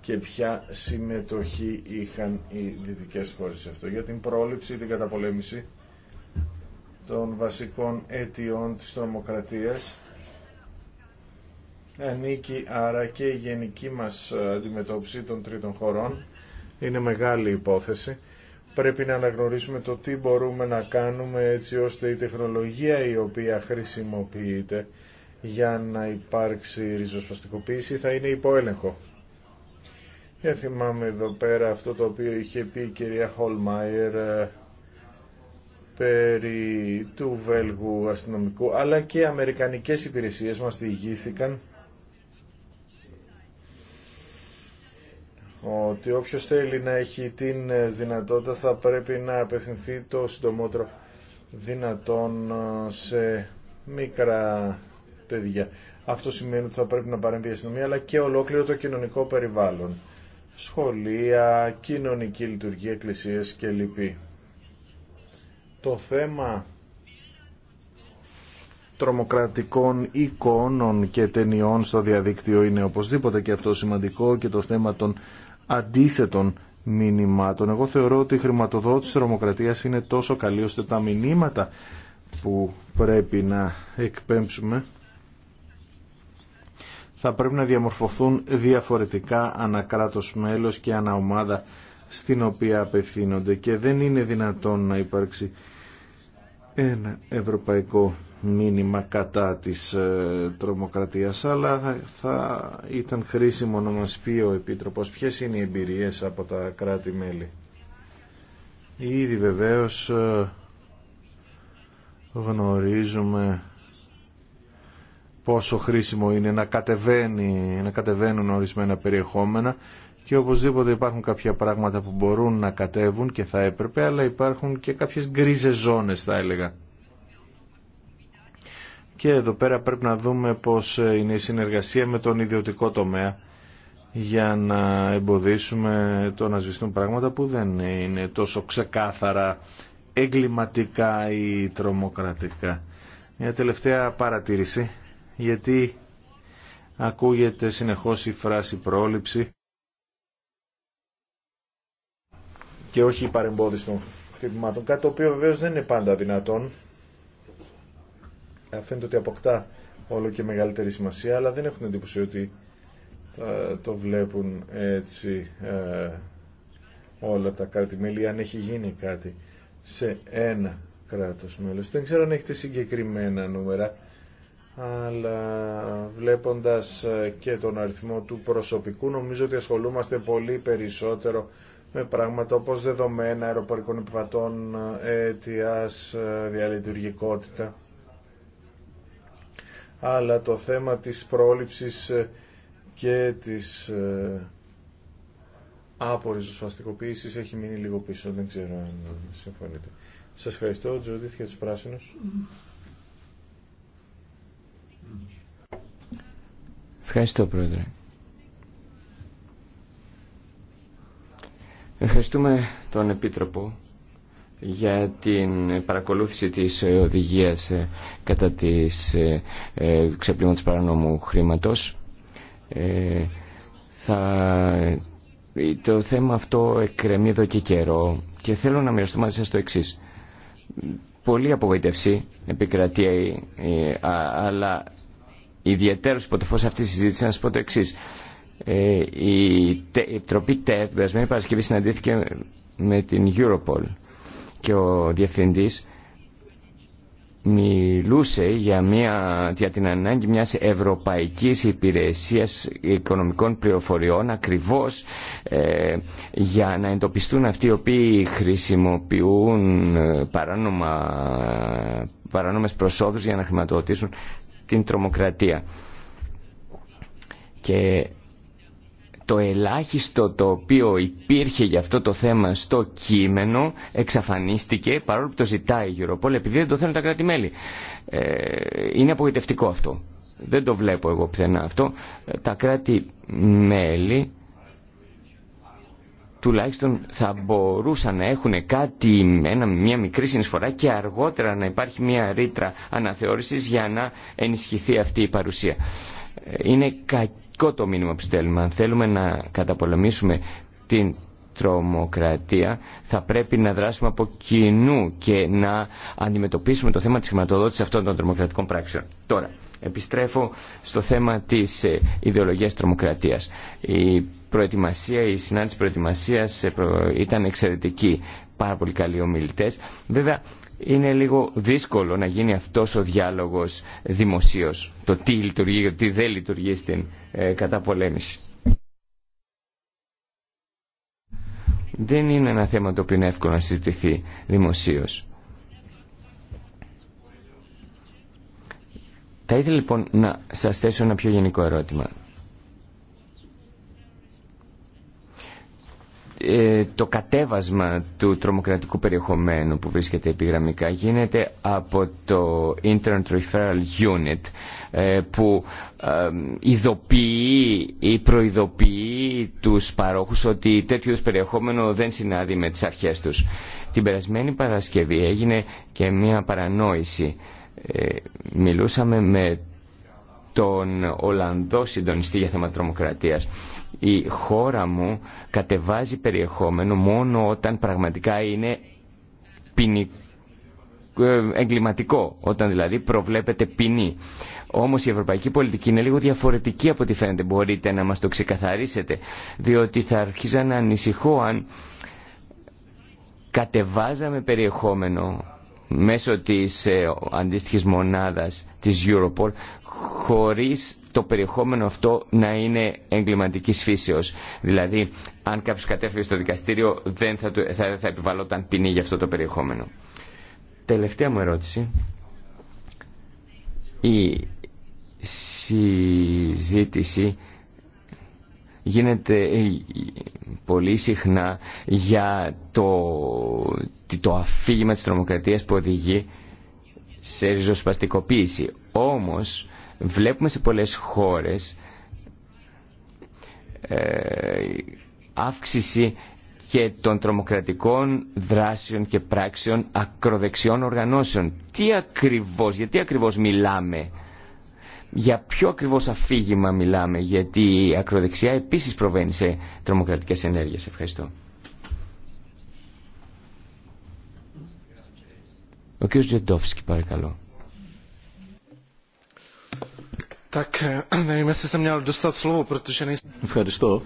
και ποια συμμετοχή είχαν οι δυτικές χώρες σε αυτό. Για την πρόληψη, την καταπολέμηση των βασικών αιτιών της τρομοκρατίας ανήκει ε, άρα και η γενική μας ε, αντιμετώπιση των τρίτων χωρών. Είναι μεγάλη υπόθεση. Πρέπει να αναγνωρίσουμε το τι μπορούμε να κάνουμε έτσι ώστε η τεχνολογία η οποία χρησιμοποιείται για να υπάρξει ριζοσπαστικοποίηση θα είναι υποέλεγχο. Και θυμάμαι εδώ πέρα αυτό το οποίο είχε πει η κυρία Χολμάιερ ε, περί του Βέλγου αστυνομικού, αλλά και αμερικανικές υπηρεσίες μας διηγήθηκαν ότι όποιος θέλει να έχει την δυνατότητα θα πρέπει να απευθυνθεί το συντομότερο δυνατόν σε μικρά παιδιά. Αυτό σημαίνει ότι θα πρέπει να παρέμβει η αστυνομία αλλά και ολόκληρο το κοινωνικό περιβάλλον. Σχολεία, κοινωνική λειτουργία, εκκλησίες κλπ το θέμα τρομοκρατικών εικόνων και ταινιών στο διαδίκτυο είναι οπωσδήποτε και αυτό σημαντικό και το θέμα των αντίθετων μηνυμάτων. Εγώ θεωρώ ότι η χρηματοδότηση τρομοκρατίας είναι τόσο καλή ώστε τα μηνύματα που πρέπει να εκπέμψουμε θα πρέπει να διαμορφωθούν διαφορετικά ανά κράτος μέλος και ανά ομάδα στην οποία απευθύνονται και δεν είναι δυνατόν να υπάρξει ένα ευρωπαϊκό μήνυμα κατά της ε, τρομοκρατίας αλλά θα ήταν χρήσιμο να μας πει ο Επίτροπος ποιες είναι οι εμπειρίες από τα κράτη-μέλη. Ήδη βεβαίως ε, γνωρίζουμε πόσο χρήσιμο είναι να, κατεβαίνει, να κατεβαίνουν ορισμένα περιεχόμενα και οπωσδήποτε υπάρχουν κάποια πράγματα που μπορούν να κατέβουν και θα έπρεπε, αλλά υπάρχουν και κάποιες γκρίζε ζώνες θα έλεγα. Και εδώ πέρα πρέπει να δούμε πώς είναι η συνεργασία με τον ιδιωτικό τομέα για να εμποδίσουμε το να σβηστούν πράγματα που δεν είναι τόσο ξεκάθαρα εγκληματικά ή τρομοκρατικά. Μια τελευταία παρατήρηση, γιατί ακούγεται συνεχώς η φράση πρόληψη και όχι η παρεμπόδιση των χτυπημάτων. Κάτι το οποίο βεβαίω δεν είναι πάντα δυνατόν. Ε, φαίνεται ότι αποκτά όλο και μεγαλύτερη σημασία, αλλά δεν έχουν εντύπωση ότι ε, το βλέπουν έτσι ε, όλα τα κράτη-μέλη, αν έχει γίνει κάτι σε ένα κράτος μέλος. Δεν ξέρω αν έχετε συγκεκριμένα νούμερα, αλλά βλέποντας και τον αριθμό του προσωπικού, νομίζω ότι ασχολούμαστε πολύ περισσότερο με πράγματα όπως δεδομένα αεροπορικών επιβατών, ε, αιτιάς, ε, διαλειτουργικότητα. Αλλά το θέμα της πρόληψης ε, και της άπορης ζωσφαστικοποίησης έχει μείνει λίγο πίσω, δεν ξέρω αν συμφωνείτε. Σας ευχαριστώ, Τζοδίθ, για τους Ευχαριστώ, Πρόεδρε. Ευχαριστούμε τον Επίτροπο για την παρακολούθηση της οδηγίας ε, κατά της ε, ε, ξεπλήματος παρανόμου χρήματος. θα... Το θέμα αυτό εκκρεμεί εδώ και καιρό και θέλω να μοιραστώ μαζί σας το εξής. Πολύ απογοητευσή επικρατεί, αλλά ιδιαίτερος υπό το φως αυτής της συζήτησης να σας πω το εξής. Ε, η Επιτροπή ΤΕΤ την περασμένη Παρασκευή συναντήθηκε με την Europol και ο διευθυντής μιλούσε για, μια, για την ανάγκη μιας ευρωπαϊκής υπηρεσίας οικονομικών πληροφοριών ακριβώς ε, για να εντοπιστούν αυτοί οι οποίοι χρησιμοποιούν ε, παράνομα, παράνομες προσόδους για να χρηματοδοτήσουν την τρομοκρατία. Και το ελάχιστο το οποίο υπήρχε για αυτό το θέμα στο κείμενο εξαφανίστηκε παρόλο που το ζητάει η Europol επειδή δεν το θέλουν τα κράτη-μέλη. Ε, είναι απογοητευτικό αυτό. Δεν το βλέπω εγώ πιθανά αυτό. Ε, τα κράτη-μέλη τουλάχιστον θα μπορούσαν να έχουν κάτι, ένα, μια μικρή συνεισφορά και αργότερα να υπάρχει μια ρήτρα αναθεώρησης για να ενισχυθεί αυτή η παρουσία. Ε, είναι κακή πολιτικό το μήνυμα που στέλνουμε. Αν θέλουμε να καταπολεμήσουμε την τρομοκρατία θα πρέπει να δράσουμε από κοινού και να αντιμετωπίσουμε το θέμα της χρηματοδότησης αυτών των τρομοκρατικών πράξεων. Τώρα, επιστρέφω στο θέμα της ε, ιδεολογίας τρομοκρατίας. Η προετοιμασία, η συνάντηση προετοιμασίας ε, ήταν εξαιρετική. Πάρα πολύ καλοί ομιλητές. Βέβαια, είναι λίγο δύσκολο να γίνει αυτός ο διάλογος δημοσίως. Το τι λειτουργεί και τι δεν λειτουργεί στην ε, καταπολέμηση. Δεν είναι ένα θέμα το οποίο είναι εύκολο να συζητηθεί δημοσίως. Θα ήθελα λοιπόν να σας θέσω ένα πιο γενικό ερώτημα. Ε, το κατέβασμα του τρομοκρατικού περιεχομένου που βρίσκεται επιγραμμικά γίνεται από το Internet Referral Unit ε, που ε, ειδοποιεί ή προειδοποιεί τους παρόχους ότι τέτοιο περιεχόμενο δεν συνάδει με τις αρχές τους. Την περασμένη Παρασκευή έγινε και μια παρανόηση. Μιλούσαμε με τον Ολλανδό συντονιστή για θέμα τρομοκρατίας η χώρα μου κατεβάζει περιεχόμενο μόνο όταν πραγματικά είναι ε, εγκληματικό, όταν δηλαδή προβλέπεται ποινή. Όμως η ευρωπαϊκή πολιτική είναι λίγο διαφορετική από ό,τι φαίνεται. Μπορείτε να μας το ξεκαθαρίσετε, διότι θα αρχίζα να ανησυχώ αν κατεβάζαμε περιεχόμενο μέσω της ε, αντίστοιχης μονάδας της Europol χωρίς το περιεχόμενο αυτό να είναι εγκληματικής φύσεως. Δηλαδή, αν κάποιος κατέφυγε στο δικαστήριο δεν θα, θα, θα ποινή για αυτό το περιεχόμενο. Τελευταία μου ερώτηση. Η συζήτηση γίνεται ε, πολύ συχνά για το, το αφήγημα της τρομοκρατίας που οδηγεί σε ριζοσπαστικοποίηση. Όμως βλέπουμε σε πολλές χώρες ε, αύξηση και των τρομοκρατικών δράσεων και πράξεων ακροδεξιών οργανώσεων. Τι ακριβώς, γιατί ακριβώς μιλάμε για ποιο ακριβώ αφήγημα μιλάμε, γιατί η ακροδεξιά επίση προβαίνει σε τρομοκρατικέ ενέργειε. Ευχαριστώ. Ο κ. Τζεντόφσκι, παρακαλώ. Ευχαριστώ.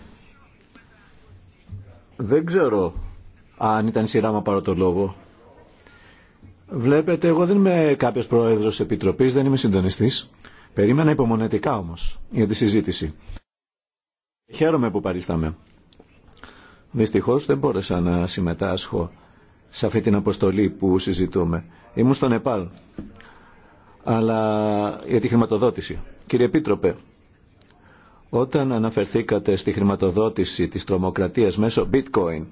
Δεν ξέρω αν ήταν σειρά πάρω το λόγο. Βλέπετε, εγώ δεν είμαι κάποιος πρόεδρος επιτροπής, δεν είμαι συντονιστής. Περίμενα υπομονετικά όμως για τη συζήτηση. Χαίρομαι που παρίσταμε. Δυστυχώς δεν μπόρεσα να συμμετάσχω σε αυτή την αποστολή που συζητούμε. Ήμουν στο Νεπάλ, αλλά για τη χρηματοδότηση. Κύριε Επίτροπε, όταν αναφερθήκατε στη χρηματοδότηση της τρομοκρατίας μέσω bitcoin,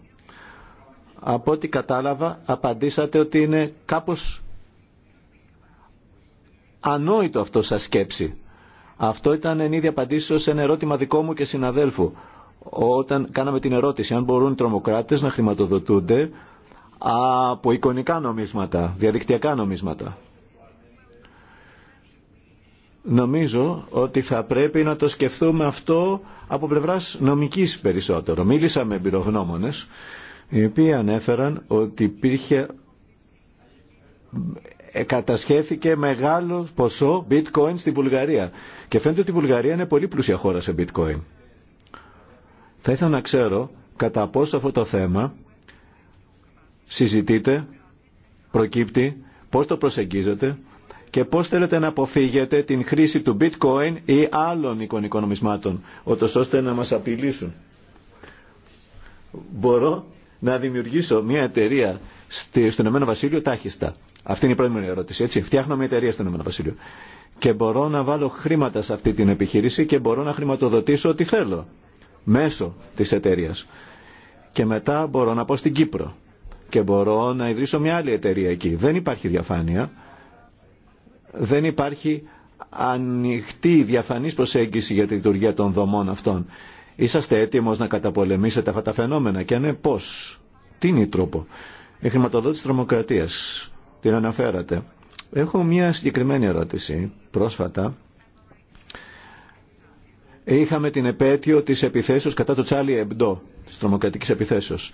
από ό,τι κατάλαβα απαντήσατε ότι είναι κάπως Ανόητο αυτό σαν σκέψη. Αυτό ήταν εν είδη απαντήσεω σε ένα ερώτημα δικό μου και συναδέλφου. Όταν κάναμε την ερώτηση αν μπορούν οι τρομοκράτε να χρηματοδοτούνται από εικονικά νομίσματα, διαδικτυακά νομίσματα. Νομίζω ότι θα πρέπει να το σκεφτούμε αυτό από πλευράς νομικής περισσότερο. Μίλησα με εμπειρογνώμονες οι οποίοι ανέφεραν ότι υπήρχε κατασχέθηκε μεγάλο ποσό bitcoin στη Βουλγαρία. Και φαίνεται ότι η Βουλγαρία είναι πολύ πλούσια χώρα σε bitcoin. Θα ήθελα να ξέρω κατά πόσο αυτό το θέμα συζητείτε, προκύπτει, πώς το προσεγγίζετε και πώς θέλετε να αποφύγετε την χρήση του bitcoin ή άλλων εικονικών νομισμάτων, ώστε να μας απειλήσουν. Μπορώ να δημιουργήσω μια εταιρεία στο Ηνωμένο Βασίλειο τάχιστα αυτή είναι η πρώτη μου ερώτηση. Έτσι. Φτιάχνω μια εταιρεία στον Ηνωμένο Βασίλειο. Και μπορώ να βάλω χρήματα σε αυτή την επιχείρηση και μπορώ να χρηματοδοτήσω ό,τι θέλω μέσω τη εταιρεία. Και μετά μπορώ να πω στην Κύπρο και μπορώ να ιδρύσω μια άλλη εταιρεία εκεί. Δεν υπάρχει διαφάνεια. Δεν υπάρχει ανοιχτή διαφανής προσέγγιση για τη λειτουργία των δομών αυτών. Είσαστε έτοιμος να καταπολεμήσετε αυτά τα φαινόμενα και αν ναι, πώς. Τι είναι η τρόπο. Η χρηματοδότηση τρομοκρατίας την αναφέρατε. Έχω μια συγκεκριμένη ερώτηση. Πρόσφατα είχαμε την επέτειο της επιθέσεως κατά το Τσάλι Εμπντό, της τρομοκρατικής επιθέσεως.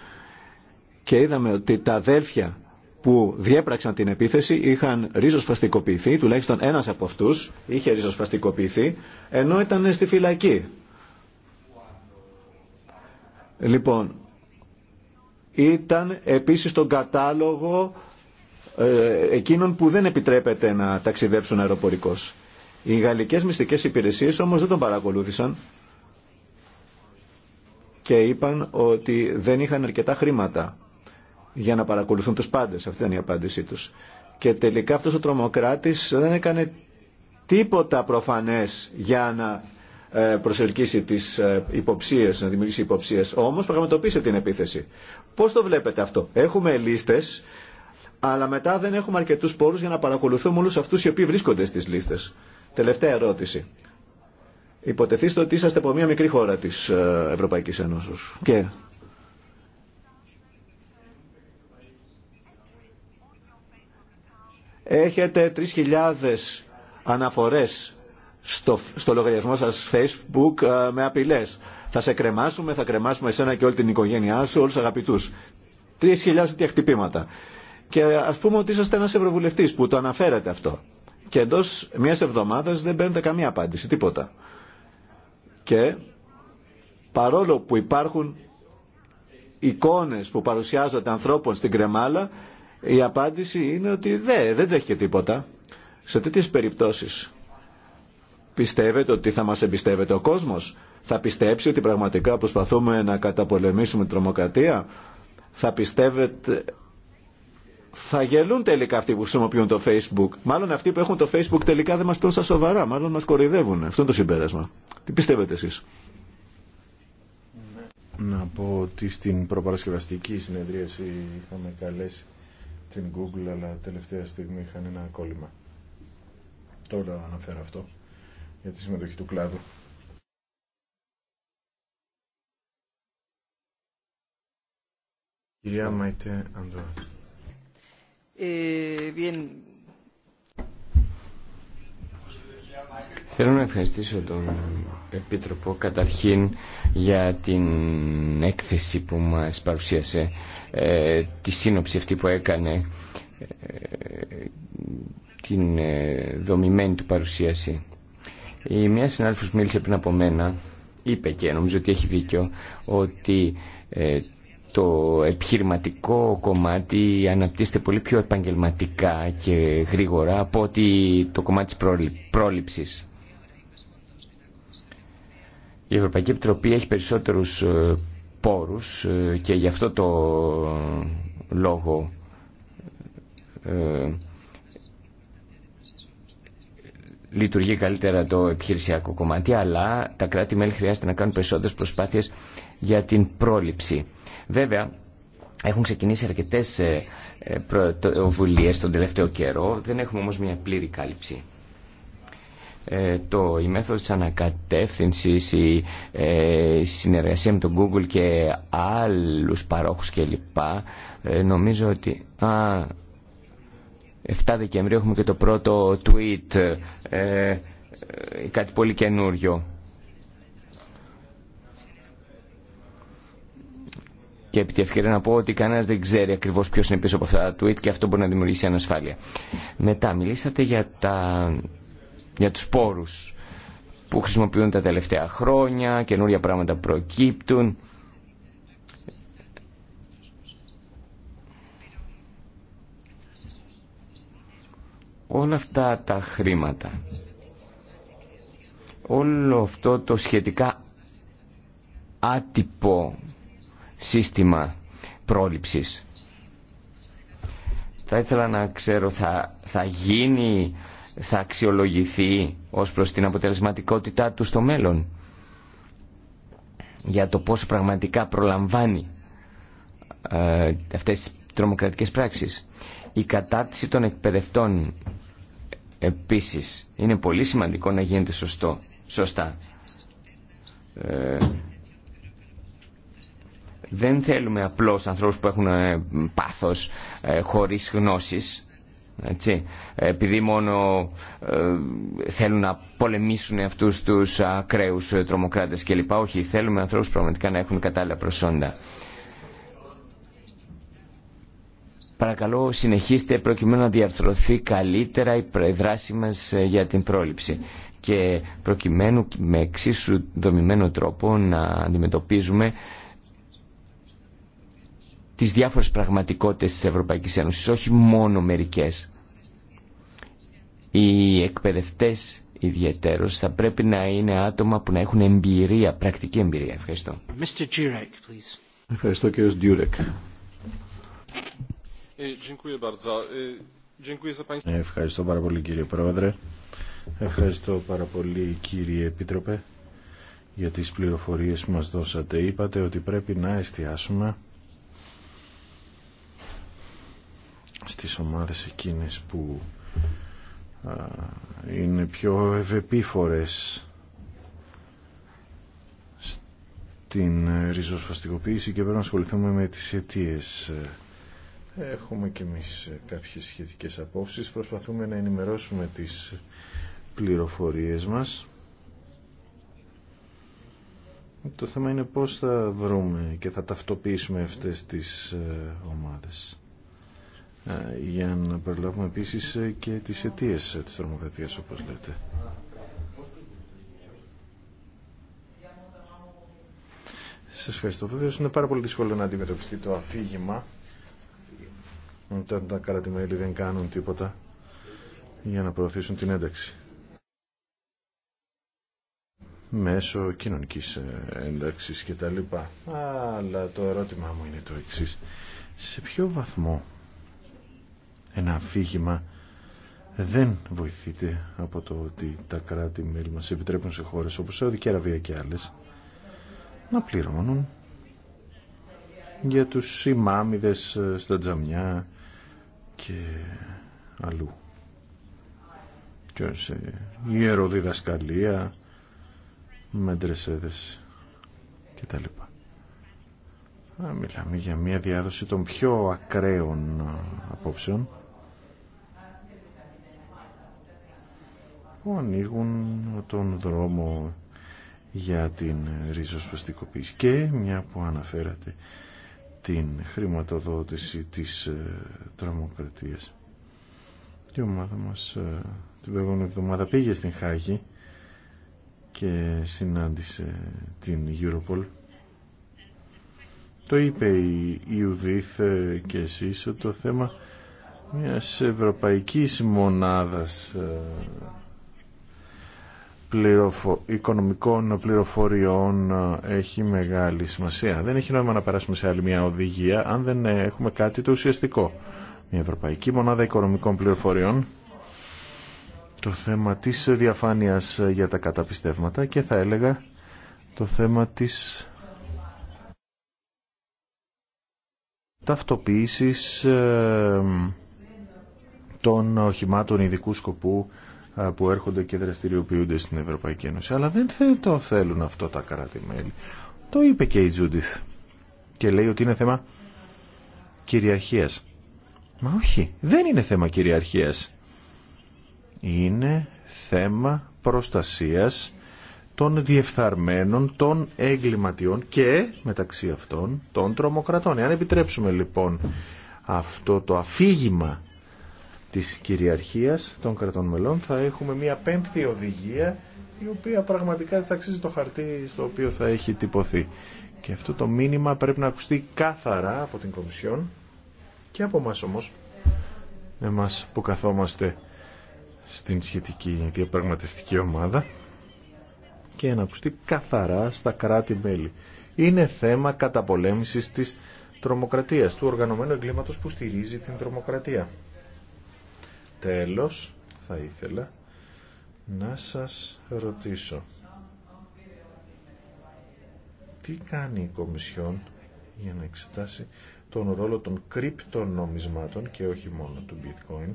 Και είδαμε ότι τα αδέλφια που διέπραξαν την επίθεση είχαν ριζοσπαστικοποιηθεί, τουλάχιστον ένας από αυτούς είχε ριζοσπαστικοποιηθεί, ενώ ήταν στη φυλακή. Λοιπόν, ήταν επίσης στον κατάλογο ε, εκείνων που δεν επιτρέπεται να ταξιδέψουν αεροπορικός Οι γαλλικές μυστικές υπηρεσίες όμως δεν τον παρακολούθησαν και είπαν ότι δεν είχαν αρκετά χρήματα για να παρακολουθούν τους πάντες. Αυτή ήταν η απάντησή τους. Και τελικά αυτός ο τρομοκράτης δεν έκανε τίποτα προφανές για να ε, προσελκύσει τις ε, υποψίες, να δημιουργήσει υποψίες. Όμως πραγματοποίησε την επίθεση. Πώς το βλέπετε αυτό. Έχουμε λίστες αλλά μετά δεν έχουμε αρκετού πόρου για να παρακολουθούμε όλου αυτού οι οποίοι βρίσκονται στις λίστες. Τελευταία ερώτηση. Υποτεθείστε ότι είσαστε από μια μικρή χώρα της ε, Ευρωπαϊκής Ένωσης. Και... Έχετε 3.000 αναφορές στο, στο λογαριασμό σας Facebook ε, με απειλές. Θα σε κρεμάσουμε, θα κρεμάσουμε εσένα και όλη την οικογένειά σου, όλους αγαπητούς. 3.000 χτυπήματα. Και α πούμε ότι είσαστε ένα ευρωβουλευτή που το αναφέρατε αυτό. Και εντό μια εβδομάδα δεν παίρνετε καμία απάντηση, τίποτα. Και παρόλο που υπάρχουν εικόνες που παρουσιάζονται ανθρώπων στην κρεμάλα, η απάντηση είναι ότι δεν, δεν τρέχει τίποτα. Σε τέτοιε περιπτώσεις πιστεύετε ότι θα μας εμπιστεύεται ο κόσμος, θα πιστέψει ότι πραγματικά προσπαθούμε να καταπολεμήσουμε την τρομοκρατία, θα πιστεύετε θα γελούν τελικά αυτοί που χρησιμοποιούν το Facebook. Μάλλον αυτοί που έχουν το Facebook τελικά δεν μας πούν στα σοβαρά. Μάλλον μα κοροϊδεύουν. Αυτό είναι το συμπέρασμα. Τι πιστεύετε εσεί. Να πω ότι στην προπαρασκευαστική συνεδρίαση είχαμε καλέσει την Google, αλλά τελευταία στιγμή είχαν ένα κόλλημα. Τώρα αναφέρω αυτό για τη συμμετοχή του κλάδου. Κυρία Μαϊτέ ε, Θέλω να ευχαριστήσω τον Επίτροπο καταρχήν για την έκθεση που μας παρουσίασε, ε, τη σύνοψη αυτή που έκανε, ε, την δομημένη του παρουσίαση. Η μια συνάδελφος μίλησε πριν από μένα, είπε και νομίζω ότι έχει δίκιο, ότι το επιχειρηματικό κομμάτι αναπτύσσεται πολύ πιο επαγγελματικά και γρήγορα από ότι το κομμάτι της πρόληψης. Η Ευρωπαϊκή Επιτροπή έχει περισσότερους ε, πόρους ε, και γι' αυτό το λόγο ε, λειτουργεί καλύτερα το επιχειρησιακό κομμάτι, αλλά τα κράτη-μέλη χρειάζεται να κάνουν περισσότερες προσπάθειες για την πρόληψη. Βέβαια, έχουν ξεκινήσει αρκετέ ε, ε, πρωτοβουλίε τον τελευταίο καιρό, δεν έχουμε όμω μια πλήρη κάλυψη. Ε, το, η μέθοδος της ανακατεύθυνσης, η, ε, συνεργασία με τον Google και άλλους παρόχους κλπ. Ε, νομίζω ότι... Α, 7 Δεκεμβρίου έχουμε και το πρώτο tweet, κάτι πολύ καινούριο. Και επί τη να πω ότι κανένα δεν ξέρει ακριβώ ποιο είναι πίσω από αυτά τα tweet και αυτό μπορεί να δημιουργήσει ανασφάλεια. Μετά, μιλήσατε για, τα... για του πόρου που χρησιμοποιούν τα τελευταία χρόνια, καινούρια πράγματα προκύπτουν. όλα αυτά τα χρήματα, όλο αυτό το σχετικά άτυπο σύστημα πρόληψης. Θα ήθελα να ξέρω, θα, θα γίνει, θα αξιολογηθεί ως προς την αποτελεσματικότητά του στο μέλλον για το πόσο πραγματικά προλαμβάνει ε, αυτές τις τρομοκρατικές πράξεις. Η κατάρτιση των εκπαιδευτών επίσης είναι πολύ σημαντικό να γίνεται σωστό, σωστά. Ε, δεν θέλουμε απλώς ανθρώπους που έχουν ε, πάθος ε, χωρίς γνώσεις, έτσι, επειδή μόνο ε, θέλουν να πολεμήσουν αυτούς τους ακραίους τρομοκράτες κλπ. Όχι, θέλουμε ανθρώπους πραγματικά να έχουν κατάλληλα προσόντα. Παρακαλώ συνεχίστε προκειμένου να διαρθρωθεί καλύτερα η δράση μας για την πρόληψη και προκειμένου με εξίσου δομημένο τρόπο να αντιμετωπίζουμε τις διάφορες πραγματικότητες της Ευρωπαϊκής Ένωσης, όχι μόνο μερικές. Οι εκπαιδευτές ιδιαίτερως θα πρέπει να είναι άτομα που να έχουν εμπειρία, πρακτική εμπειρία. Ευχαριστώ. Mr. Ευχαριστώ Ντιούρεκ. Ε, ε, ε, ευχαριστώ πάρα πολύ κύριε Πρόεδρε. Ευχαριστώ πάρα πολύ κύριε Επίτροπε για τις πληροφορίες που μας δώσατε. Είπατε ότι πρέπει να εστιάσουμε στις ομάδες εκείνες που είναι πιο ευεπίφορες στην ριζοσπαστικοποίηση και πρέπει να ασχοληθούμε με τις αιτίε. Έχουμε και εμείς κάποιες σχετικές απόψεις. Προσπαθούμε να ενημερώσουμε τις πληροφορίες μας. Το θέμα είναι πώς θα βρούμε και θα ταυτοποιήσουμε αυτές τις ε, ομάδες για να προλάβουμε επίσης ε, και τις αιτίες ε, της τρομοκρατία, όπως λέτε. Σας ευχαριστώ. Βεβαίω είναι πάρα πολύ δύσκολο να αντιμετωπιστεί το αφήγημα όταν τα κράτη-μέλη δεν κάνουν τίποτα για να προωθήσουν την ένταξη. Μέσω κοινωνικής ε, ένταξης και τα λοιπά. Αλλά το ερώτημά μου είναι το εξής. Σε ποιο βαθμό ένα αφήγημα δεν βοηθείται από το ότι τα κράτη-μέλη μας επιτρέπουν σε χώρες όπως η Αραβία και άλλες να πληρώνουν για τους ημάμιδες ε, στα τζαμιά και αλλού και σε ιεροδιδασκαλία με ντρεσέδες και τα λοιπά. Μιλάμε για μια διάδοση των πιο ακραίων ε, απόψεων που ανοίγουν τον δρόμο για την ριζοσπαστικοποίηση. Και μια που αναφέρατε την χρηματοδότηση της ε, τρομοκρατίας. Η ομάδα μας ε, την προηγούμενη εβδομάδα πήγε στην Χάγη και συνάντησε την Europol. Το είπε η Ιουδίθ και εσείς ότι το θέμα μιας ευρωπαϊκής μονάδας ε, πληροφο... οικονομικών πληροφοριών ε, έχει μεγάλη σημασία. Δεν έχει νόημα να περάσουμε σε άλλη μια οδηγία αν δεν ε, έχουμε κάτι το ουσιαστικό. Μια Ευρωπαϊκή Μονάδα Οικονομικών Πληροφοριών το θέμα της διαφάνειας ε, για τα καταπιστεύματα και θα έλεγα το θέμα της ταυτοποίησης των οχημάτων ειδικού σκοπού που έρχονται και δραστηριοποιούνται στην Ευρωπαϊκή Ένωση. Αλλά δεν το θέλουν αυτό τα κράτη-μέλη. Το είπε και η Τζούντιθ και λέει ότι είναι θέμα κυριαρχίας. Μα όχι, δεν είναι θέμα κυριαρχίας. Είναι θέμα προστασίας των διεφθαρμένων, των εγκληματιών και μεταξύ αυτών των τρομοκρατών. Εάν επιτρέψουμε λοιπόν αυτό το αφήγημα της κυριαρχίας των κρατών μελών θα έχουμε μια πέμπτη οδηγία η οποία πραγματικά θα αξίζει το χαρτί στο οποίο θα έχει τυπωθεί. Και αυτό το μήνυμα πρέπει να ακουστεί κάθαρα από την Κομισιόν και από εμά όμως, εμάς που καθόμαστε στην σχετική διαπραγματευτική ομάδα και να ακουστεί καθαρά στα κράτη-μέλη. Είναι θέμα καταπολέμησης της τρομοκρατίας, του οργανωμένου εγκλήματος που στηρίζει την τρομοκρατία τέλος θα ήθελα να σας ρωτήσω τι κάνει η Κομισιόν για να εξετάσει τον ρόλο των κρυπτονομισμάτων και όχι μόνο του bitcoin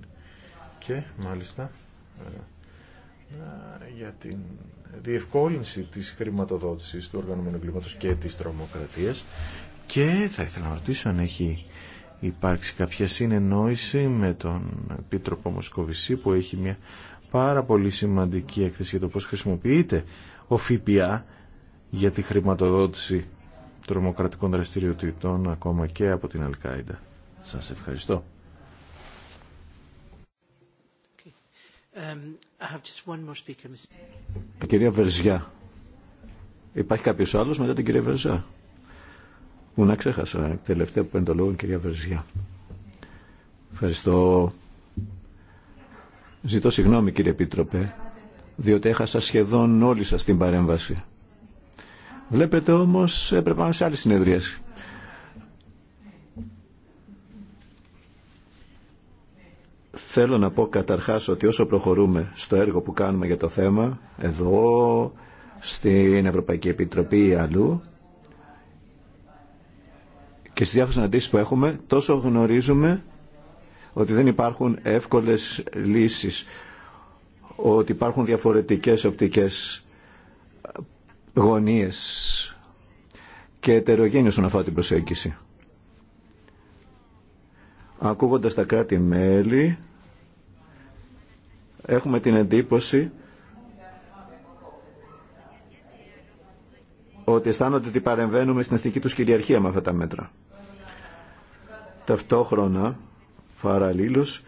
και μάλιστα ε, ε, για την διευκόλυνση της χρηματοδότησης του οργανωμένου κλίματος και της τρομοκρατίας και θα ήθελα να ρωτήσω αν έχει υπάρξει κάποια συνεννόηση με τον Επίτροπο Μοσκοβισή που έχει μια πάρα πολύ σημαντική έκθεση για το πώς χρησιμοποιείται ο ΦΠΑ για τη χρηματοδότηση τρομοκρατικών δραστηριοτήτων ακόμα και από την Αλκάιντα. Σας ευχαριστώ. Um, κυρία Βερζιά. Υπάρχει κάποιος άλλος μετά την κυρία Βερζιά. Μου να ξέχασα τελευταία που το λόγο κυρία Βερζιά. Ευχαριστώ. Ζητώ συγγνώμη κύριε Επίτροπε, διότι έχασα σχεδόν όλη σας την παρέμβαση. Βλέπετε όμως έπρεπε να είμαι σε άλλη συνεδρίαση. Θέλω να πω καταρχάς ότι όσο προχωρούμε στο έργο που κάνουμε για το θέμα, εδώ, στην Ευρωπαϊκή Επιτροπή ή αλλού, και στις διάφορες συναντήσει που έχουμε τόσο γνωρίζουμε ότι δεν υπάρχουν εύκολες λύσεις, ότι υπάρχουν διαφορετικές οπτικές γωνίες και ετερογένειες όσον αφάτη την προσέγγιση. Ακούγοντας τα κράτη-μέλη, έχουμε την εντύπωση ότι αισθάνονται ότι παρεμβαίνουμε στην εθνική τους κυριαρχία με αυτά τα μέτρα. Ταυτόχρονα, παραλλήλως,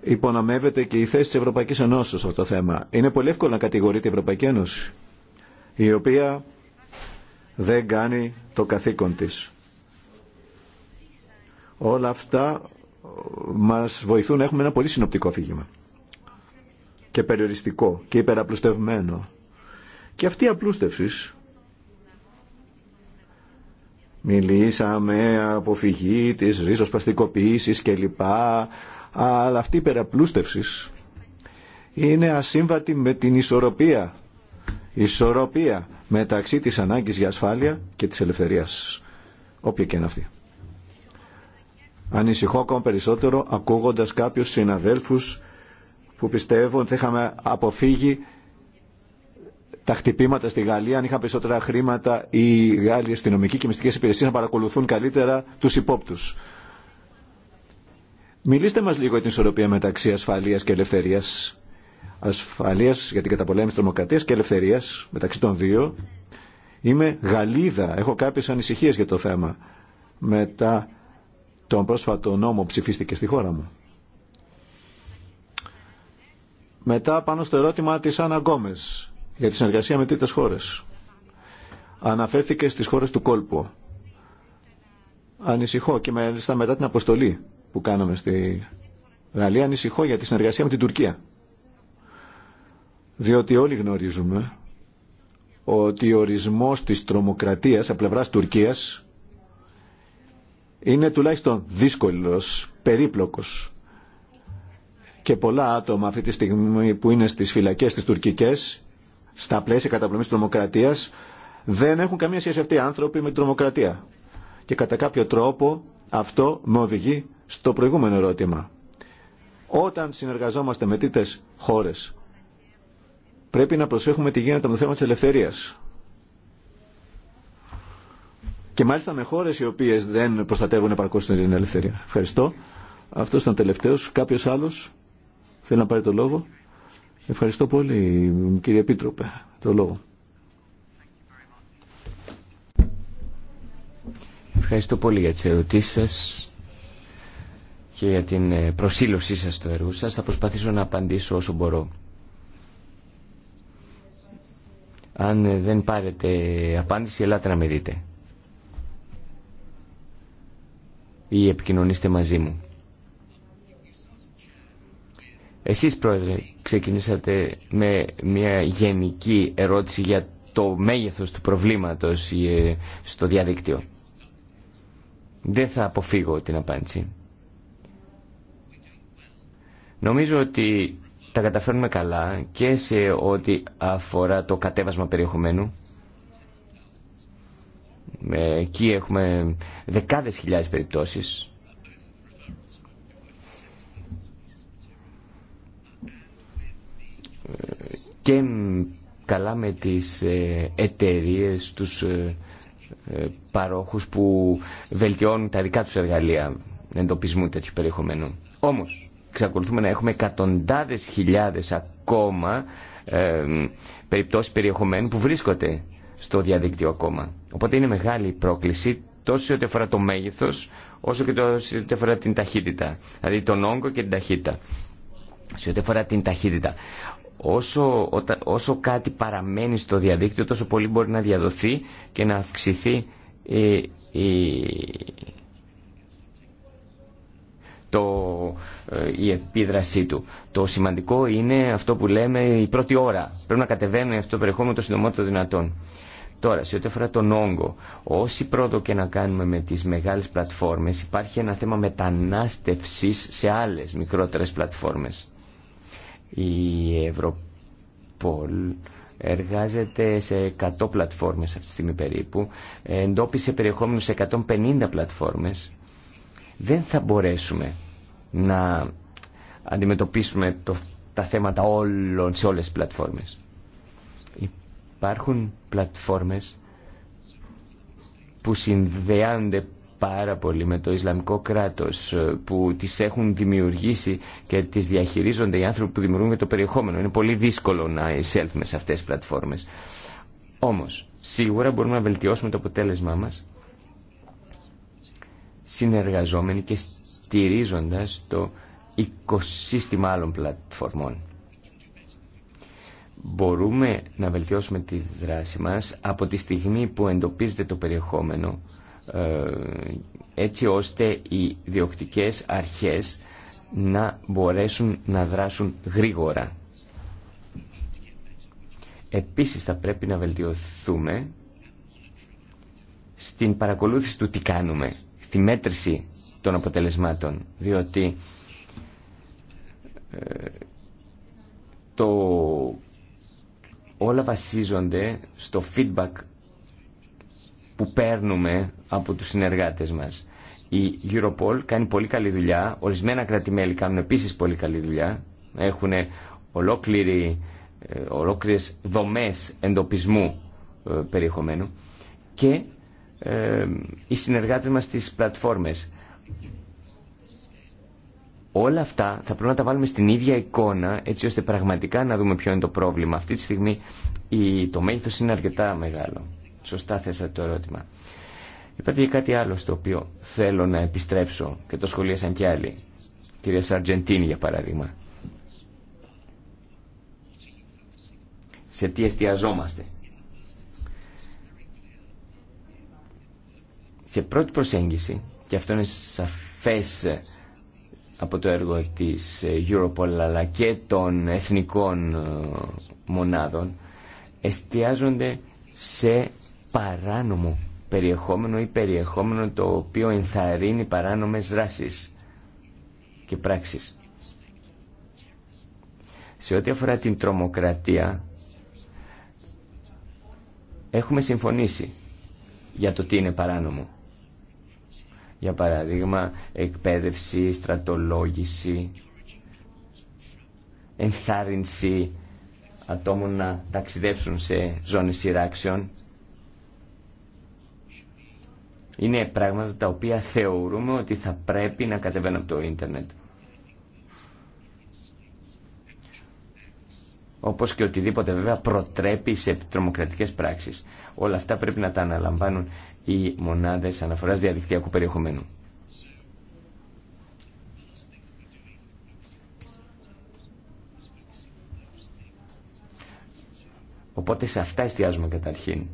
υπονομεύεται και η θέση της Ευρωπαϊκής Ενώσης σε αυτό το θέμα. Είναι πολύ εύκολο να κατηγορείται η Ευρωπαϊκή Ένωση, η οποία δεν κάνει το καθήκον της. Όλα αυτά μας βοηθούν να έχουμε ένα πολύ συνοπτικό αφήγημα και περιοριστικό και υπεραπλουστευμένο και αυτή η απλούστευση μιλήσαμε αποφυγή της ρίζοσπαστικοποίησης κλπ. Αλλά αυτή η περαπλούστευση είναι ασύμβατη με την ισορροπία. Ισορροπία μεταξύ της ανάγκης για ασφάλεια και της ελευθερίας. Όποια και είναι αυτή. Ανησυχώ ακόμα περισσότερο ακούγοντας κάποιους συναδέλφους που πιστεύουν ότι είχαμε αποφύγει τα χτυπήματα στη Γαλλία, αν είχαν περισσότερα χρήματα οι Γάλλοι αστυνομικοί και μυστικές υπηρεσίες να παρακολουθούν καλύτερα τους υπόπτους. Μιλήστε μας λίγο για την ισορροπία μεταξύ ασφαλείας και ελευθερίας. Ασφαλείας για την καταπολέμηση τρομοκρατίας και ελευθερίας μεταξύ των δύο. Είμαι Γαλλίδα, έχω κάποιες ανησυχίες για το θέμα μετά τον πρόσφατο νόμο ψηφίστηκε στη χώρα μου. Μετά πάνω στο ερώτημα της Άννα για τη συνεργασία με τρίτες χώρες. Αναφέρθηκε στις χώρες του κόλπου. Ανησυχώ και μάλιστα μετά την αποστολή που κάναμε στη Γαλλία, ανησυχώ για τη συνεργασία με την Τουρκία. Διότι όλοι γνωρίζουμε ότι ο ορισμός της τρομοκρατίας από πλευράς Τουρκίας είναι τουλάχιστον δύσκολος, περίπλοκος. Και πολλά άτομα αυτή τη στιγμή που είναι στις φυλακές της τουρκικές στα πλαίσια καταπληκτικής τρομοκρατίας δεν έχουν καμία σχέση αυτοί οι άνθρωποι με την τρομοκρατία. Και κατά κάποιο τρόπο αυτό με οδηγεί στο προηγούμενο ερώτημα. Όταν συνεργαζόμαστε με τίτες χώρες, πρέπει να προσέχουμε τι γίνεται με το θέμα της ελευθερίας. Και μάλιστα με χώρες οι οποίες δεν προστατεύουν επαρκώς την ελευθερία. Ευχαριστώ. Αυτό ήταν ο τελευταίος. Κάποιος άλλος θέλει να πάρει το λόγο. Ευχαριστώ πολύ κύριε Επίτροπε. Το λόγο. Ευχαριστώ πολύ για τις ερωτήσεις σας και για την ε, προσήλωσή σας στο έργο σας. Θα προσπαθήσω να απαντήσω όσο μπορώ. Αν ε, δεν πάρετε απάντηση, ελάτε να με δείτε. Ή επικοινωνήστε μαζί μου. Εσείς πρόεδρε ξεκινήσατε με μια γενική ερώτηση για το μέγεθος του προβλήματος ε, στο διαδίκτυο. Δεν θα αποφύγω την απάντηση. Νομίζω ότι τα καταφέρνουμε καλά και σε ό,τι αφορά το κατέβασμα περιεχομένου. Ε, εκεί έχουμε δεκάδες χιλιάδες περιπτώσεις και καλά με τις ε, εταιρείε, τους ε, ε, παρόχους που βελτιώνουν τα δικά τους εργαλεία εντοπισμού τέτοιου περιεχομένου. Όμως, ξεκολουθούμε να έχουμε εκατοντάδες χιλιάδες ακόμα ε, περιπτώσεις περιεχομένου που βρίσκονται στο διαδίκτυο ακόμα. Οπότε είναι μεγάλη η πρόκληση τόσο ό,τι αφορά το μέγεθος όσο και τόσο ό,τι αφορά την ταχύτητα. Δηλαδή τον όγκο και την ταχύτητα. Σε ό,τι αφορά την ταχύτητα. Όσο, όσο κάτι παραμένει στο διαδίκτυο, τόσο πολύ μπορεί να διαδοθεί και να αυξηθεί η, το, ε, η επίδρασή του. Το σημαντικό είναι αυτό που λέμε η πρώτη ώρα. Πρέπει να κατεβαίνει αυτό το περιεχόμενο το συντομότερο δυνατόν. Τώρα, σε ό,τι αφορά τον όγκο, όση πρόοδο και να κάνουμε με τις μεγάλες πλατφόρμες, υπάρχει ένα θέμα μετανάστευσης σε άλλες μικρότερες πλατφόρμες. Η Ευρωπόλ εργάζεται σε 100 πλατφόρμες αυτή τη στιγμή περίπου, εντόπισε περιεχόμενο σε 150 πλατφόρμες. Δεν θα μπορέσουμε να αντιμετωπίσουμε το, τα θέματα όλων σε όλες τις πλατφόρμες. Υπάρχουν πλατφόρμες που συνδέονται πάρα πολύ με το Ισλαμικό κράτος ε, που τις έχουν δημιουργήσει και τις διαχειρίζονται οι άνθρωποι που δημιουργούν το περιεχόμενο. Είναι πολύ δύσκολο να εισέλθουμε σε αυτές τις πλατφόρμες. Όμως, σίγουρα μπορούμε να βελτιώσουμε το αποτέλεσμά μας συνεργαζόμενοι και στηρίζοντας το οικοσύστημα άλλων πλατφορμών. Μπορούμε να βελτιώσουμε τη δράση μας από τη στιγμή που εντοπίζεται το περιεχόμενο ε, έτσι ώστε οι διοκτικές αρχές να μπορέσουν να δράσουν γρήγορα. Επίσης θα πρέπει να βελτιωθούμε στην παρακολούθηση του τι κάνουμε, στη μέτρηση των αποτελεσμάτων, διότι ε, το όλα βασίζονται στο feedback που παίρνουμε από τους συνεργάτες μας. Η Europol κάνει πολύ καλή δουλειά, ορισμένα κρατημέλη κάνουν επίσης πολύ καλή δουλειά, έχουν ολόκληρη, ε, ολόκληρες δομές εντοπισμού ε, περιεχομένου και ε, οι συνεργάτες μας στις πλατφόρμες. Όλα αυτά θα πρέπει να τα βάλουμε στην ίδια εικόνα έτσι ώστε πραγματικά να δούμε ποιο είναι το πρόβλημα. Αυτή τη στιγμή το μέγεθος είναι αρκετά μεγάλο. Σωστά θέσατε το ερώτημα. Υπάρχει κάτι άλλο στο οποίο θέλω να επιστρέψω και το σχολίασαν και άλλοι. Κυρία Σαρτζεντίνη για παράδειγμα. Σε τι εστιαζόμαστε. Σε πρώτη προσέγγιση, και αυτό είναι σαφές από το έργο της Europol αλλά και των εθνικών ε, μονάδων εστιάζονται σε παράνομο περιεχόμενο ή περιεχόμενο το οποίο ενθαρρύνει παράνομες δράσεις και πράξεις. Σε ό,τι αφορά την τρομοκρατία, έχουμε συμφωνήσει για το τι είναι παράνομο. Για παράδειγμα, εκπαίδευση, στρατολόγηση, ενθάρρυνση ατόμων να ταξιδέψουν σε ζώνες σειράξεων είναι πράγματα τα οποία θεωρούμε ότι θα πρέπει να κατεβαίνουν από το ίντερνετ. Όπως και οτιδήποτε βέβαια προτρέπει σε τρομοκρατικές πράξεις. Όλα αυτά πρέπει να τα αναλαμβάνουν οι μονάδες αναφοράς διαδικτυακού περιεχομένου. Οπότε σε αυτά εστιάζουμε καταρχήν.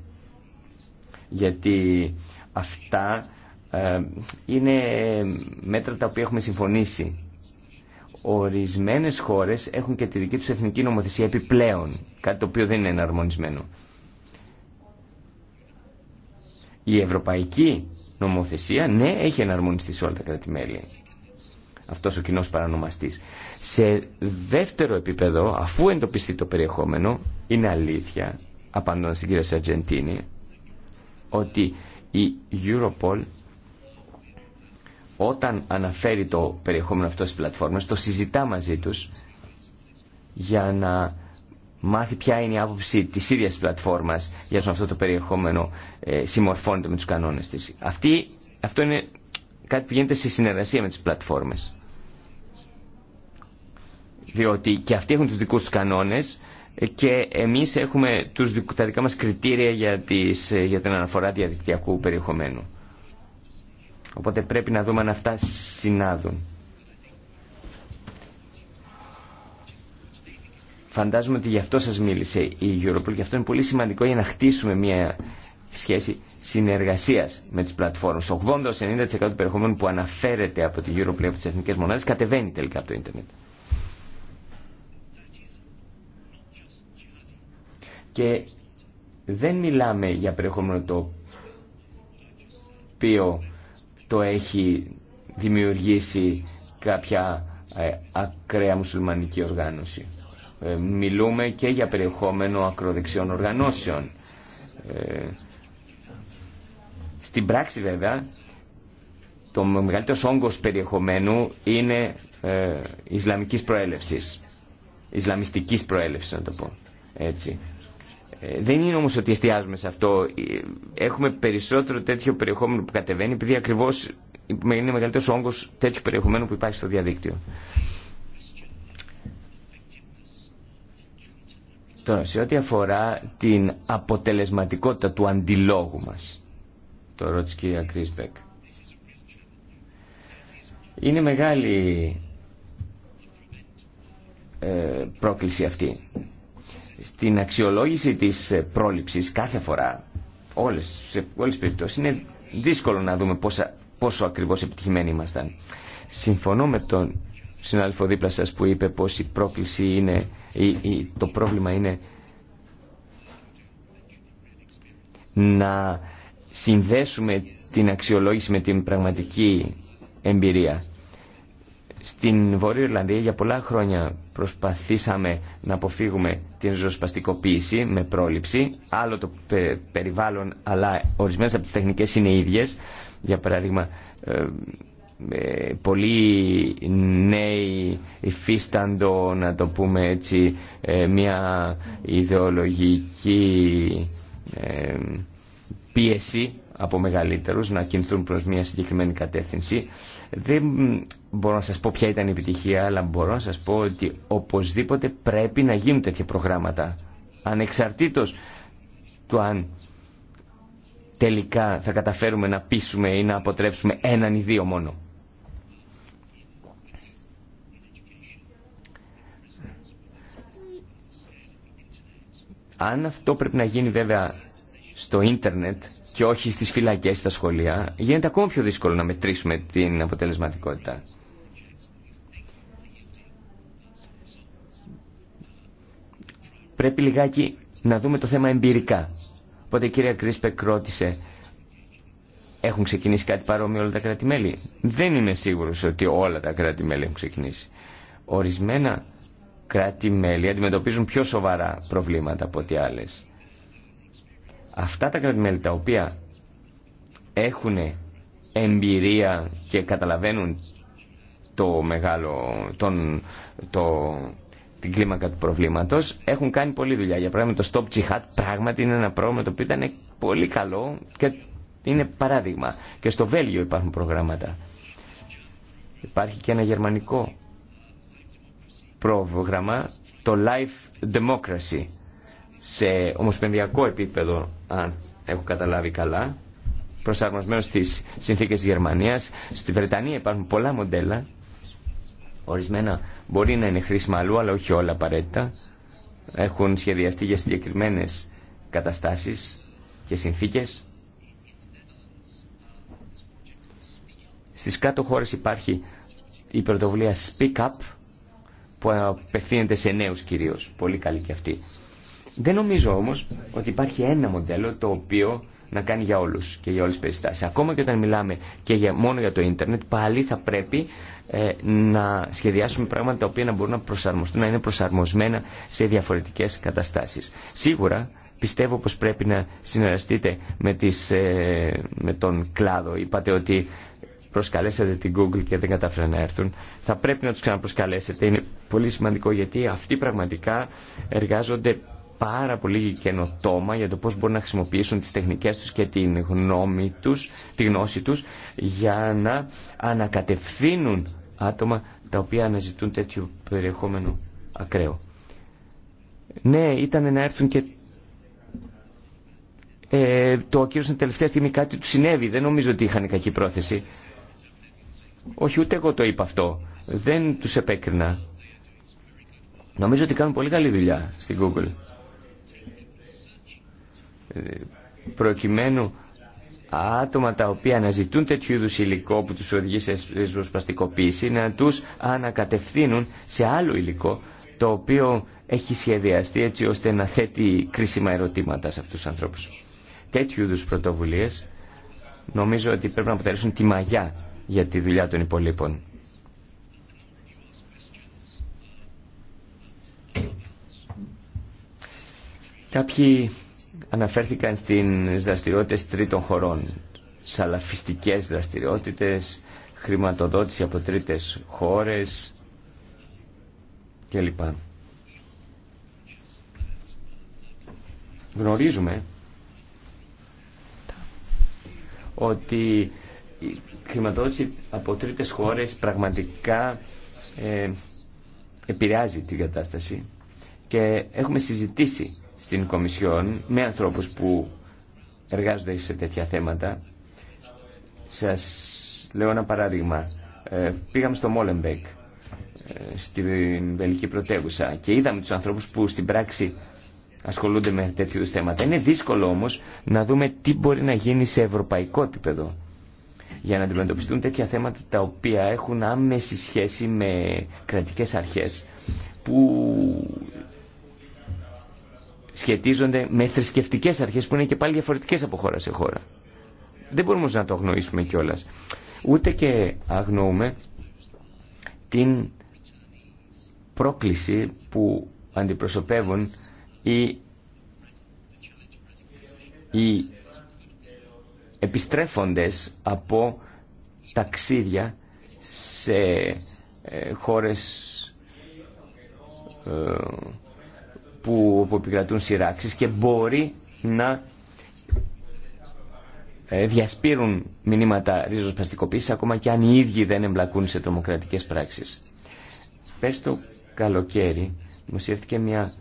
Γιατί Αυτά ε, είναι μέτρα τα οποία έχουμε συμφωνήσει. Ορισμένες χώρες έχουν και τη δική τους εθνική νομοθεσία επιπλέον, κάτι το οποίο δεν είναι εναρμονισμένο. Η ευρωπαϊκή νομοθεσία, ναι, έχει εναρμονιστεί σε όλα τα κράτη-μέλη. Αυτός ο κοινός παρανομαστής. Σε δεύτερο επίπεδο, αφού εντοπιστεί το περιεχόμενο, είναι αλήθεια, απαντώντας στην κυρία Σαρτζεντίνη, ότι η Europol όταν αναφέρει το περιεχόμενο αυτό στις πλατφόρμες το συζητά μαζί τους για να μάθει ποια είναι η άποψη της ίδιας της πλατφόρμας για αυτό το περιεχόμενο ε, συμμορφώνεται με τους κανόνες της. Αυτή, αυτό είναι κάτι που γίνεται σε συνεργασία με τις πλατφόρμες. Διότι και αυτοί έχουν τους δικούς τους κανόνες και εμείς έχουμε τους, τα δικά μας κριτήρια για, τις, για την αναφορά διαδικτυακού περιεχομένου. Οπότε πρέπει να δούμε αν αυτά συνάδουν. Φαντάζομαι ότι γι' αυτό σας μίλησε η Europol και αυτό είναι πολύ σημαντικό για να χτίσουμε μια σχέση συνεργασίας με τις πλατφόρμες. 80-90% του περιεχομένου που αναφέρεται από την Europol από τις εθνικές μονάδες κατεβαίνει τελικά από το ίντερνετ. Και δεν μιλάμε για περιεχόμενο το οποίο το έχει δημιουργήσει κάποια ε, ακραία μουσουλμανική οργάνωση. Ε, μιλούμε και για περιεχόμενο ακροδεξιών οργανώσεων. Ε, στην πράξη βέβαια το μεγαλύτερο όγκος περιεχομένου είναι ε, Ισλαμικής προέλευσης. Ισλαμιστικής προέλευσης να το πω έτσι. Ε, δεν είναι όμως ότι εστιάζουμε σε αυτό. Ε, έχουμε περισσότερο τέτοιο περιεχόμενο που κατεβαίνει επειδή ακριβώς είναι μεγαλύτερος όγκος τέτοιου περιεχομένου που υπάρχει στο διαδίκτυο. Τώρα, σε ό,τι αφορά την αποτελεσματικότητα του αντιλόγου μας, το ρώτησε η κυρία Κρίσπεκ, είναι μεγάλη ε, πρόκληση αυτή στην αξιολόγηση της ε, πρόληψης κάθε φορά, όλες, σε όλες τις περιπτώσεις, είναι δύσκολο να δούμε πόσα, πόσο ακριβώς επιτυχημένοι ήμασταν. Συμφωνώ με τον συνάδελφο δίπλα σας που είπε πως η πρόκληση είναι, η, το πρόβλημα είναι να συνδέσουμε την αξιολόγηση με την πραγματική εμπειρία. Στην Βόρεια Ιρλανδία για πολλά χρόνια προσπαθήσαμε να αποφύγουμε την ζωσπαστικοποίηση με πρόληψη. Άλλο το περιβάλλον, αλλά ορισμένες από τις τεχνικές είναι ίδιες. Για παράδειγμα, ε, πολλοί νέοι υφίσταντο, να το πούμε έτσι, ε, μια ιδεολογική ε, πίεση από μεγαλύτερους να κινηθούν προς μια συγκεκριμένη κατεύθυνση. Δεν μπορώ να σας πω ποια ήταν η επιτυχία, αλλά μπορώ να σας πω ότι οπωσδήποτε πρέπει να γίνουν τέτοια προγράμματα. Ανεξαρτήτως του αν τελικά θα καταφέρουμε να πείσουμε ή να αποτρέψουμε έναν ή δύο μόνο. Αν αυτό πρέπει να γίνει βέβαια στο ίντερνετ και όχι στις φυλακές, στα σχολεία, γίνεται ακόμα πιο δύσκολο να μετρήσουμε την αποτελεσματικότητα. Πρέπει λιγάκι να δούμε το θέμα εμπειρικά. Οπότε η κυρία Κρίσπεκ ρώτησε, έχουν ξεκινήσει κάτι παρόμοιο όλα τα κράτη-μέλη. Δεν είμαι σίγουρος ότι όλα τα κράτη-μέλη έχουν ξεκινήσει. Ορισμένα κράτη-μέλη αντιμετωπίζουν πιο σοβαρά προβλήματα από ό,τι άλλες. Αυτά τα κρατημέλη τα οποία έχουν εμπειρία και καταλαβαίνουν το μεγάλο, τον, το, την κλίμακα του προβλήματος έχουν κάνει πολλή δουλειά. Για παράδειγμα το Stop Jihad πράγματι είναι ένα πρόγραμμα το οποίο ήταν πολύ καλό και είναι παράδειγμα. Και στο Βέλγιο υπάρχουν προγράμματα. Υπάρχει και ένα γερμανικό πρόγραμμα, το Life Democracy, σε ομοσπενδιακό επίπεδο, αν έχω καταλάβει καλά, προσαρμοσμένο στι συνθήκε τη Γερμανίας. Στη Βρετανία υπάρχουν πολλά μοντέλα, ορισμένα μπορεί να είναι χρήσιμα αλλού, αλλά όχι όλα απαραίτητα. Έχουν σχεδιαστεί για συγκεκριμένε καταστάσεις και συνθήκες. Στις κάτω χώρες υπάρχει η πρωτοβουλία Speak Up, που απευθύνεται σε νέους κυρίως. Πολύ καλή και αυτή. Δεν νομίζω όμω ότι υπάρχει ένα μοντέλο το οποίο να κάνει για όλου και για όλε τις περιστάσει. Ακόμα και όταν μιλάμε και για, μόνο για το ίντερνετ, πάλι θα πρέπει ε, να σχεδιάσουμε πράγματα τα οποία να μπορούν να προσαρμοστούν, να είναι προσαρμοσμένα σε διαφορετικέ καταστάσει. Σίγουρα πιστεύω πως πρέπει να συνεργαστείτε με, τις, ε, με τον κλάδο. Είπατε ότι προσκαλέσατε την Google και δεν κατάφεραν να έρθουν. Θα πρέπει να τους ξαναπροσκαλέσετε. Είναι πολύ σημαντικό γιατί αυτοί πραγματικά εργάζονται πάρα πολύ καινοτόμα για το πώς μπορούν να χρησιμοποιήσουν τις τεχνικές τους και την γνώμη τους, τη γνώση τους για να ανακατευθύνουν άτομα τα οποία αναζητούν τέτοιο περιεχόμενο ακραίο. Ναι, ήταν να έρθουν και ε, το ακύρωσαν τελευταία στιγμή κάτι του συνέβη. Δεν νομίζω ότι είχαν κακή πρόθεση. Όχι, ούτε εγώ το είπα αυτό. Δεν τους επέκρινα. Νομίζω ότι κάνουν πολύ καλή δουλειά στην Google προκειμένου άτομα τα οποία αναζητούν τέτοιου είδους υλικό που τους οδηγεί σε ζωοσπαστικοποίηση να τους ανακατευθύνουν σε άλλο υλικό το οποίο έχει σχεδιαστεί έτσι ώστε να θέτει κρίσιμα ερωτήματα σε αυτούς τους ανθρώπους. Τέτοιου είδους πρωτοβουλίες νομίζω ότι πρέπει να αποτελέσουν τη μαγιά για τη δουλειά των υπολείπων. Κάποιοι αναφέρθηκαν στις δραστηριότητες τρίτων χωρών, σαλαφιστικές δραστηριότητες, χρηματοδότηση από τρίτες χώρες κλπ. Γνωρίζουμε ότι η χρηματοδότηση από τρίτες χώρες πραγματικά ε, επηρεάζει την κατάσταση και έχουμε συζητήσει στην Κομισιόν με ανθρώπους που εργάζονται σε τέτοια θέματα. Σας λέω ένα παράδειγμα. Ε, πήγαμε στο Μόλεμπεκ, ε, στην Βελική πρωτεύουσα και είδαμε τους ανθρώπους που στην πράξη ασχολούνται με τέτοιου θέματα. Είναι δύσκολο όμως να δούμε τι μπορεί να γίνει σε ευρωπαϊκό επίπεδο για να αντιμετωπιστούν τέτοια θέματα τα οποία έχουν άμεση σχέση με κρατικές αρχές που σχετίζονται με θρησκευτικέ αρχέ που είναι και πάλι διαφορετικέ από χώρα σε χώρα. Δεν μπορούμε να το αγνοήσουμε κιόλα. Ούτε και αγνοούμε την πρόκληση που αντιπροσωπεύουν οι, οι επιστρέφοντες από ταξίδια σε ε, χώρες ε, που, που επικρατούν σειράξεις και μπορεί να ε, διασπείρουν μηνύματα ρίζοσπαστικοποίησης ακόμα και αν οι ίδιοι δεν εμπλακούν σε τρομοκρατικές πράξεις. Πέρσι το καλοκαίρι δημοσιεύτηκε μια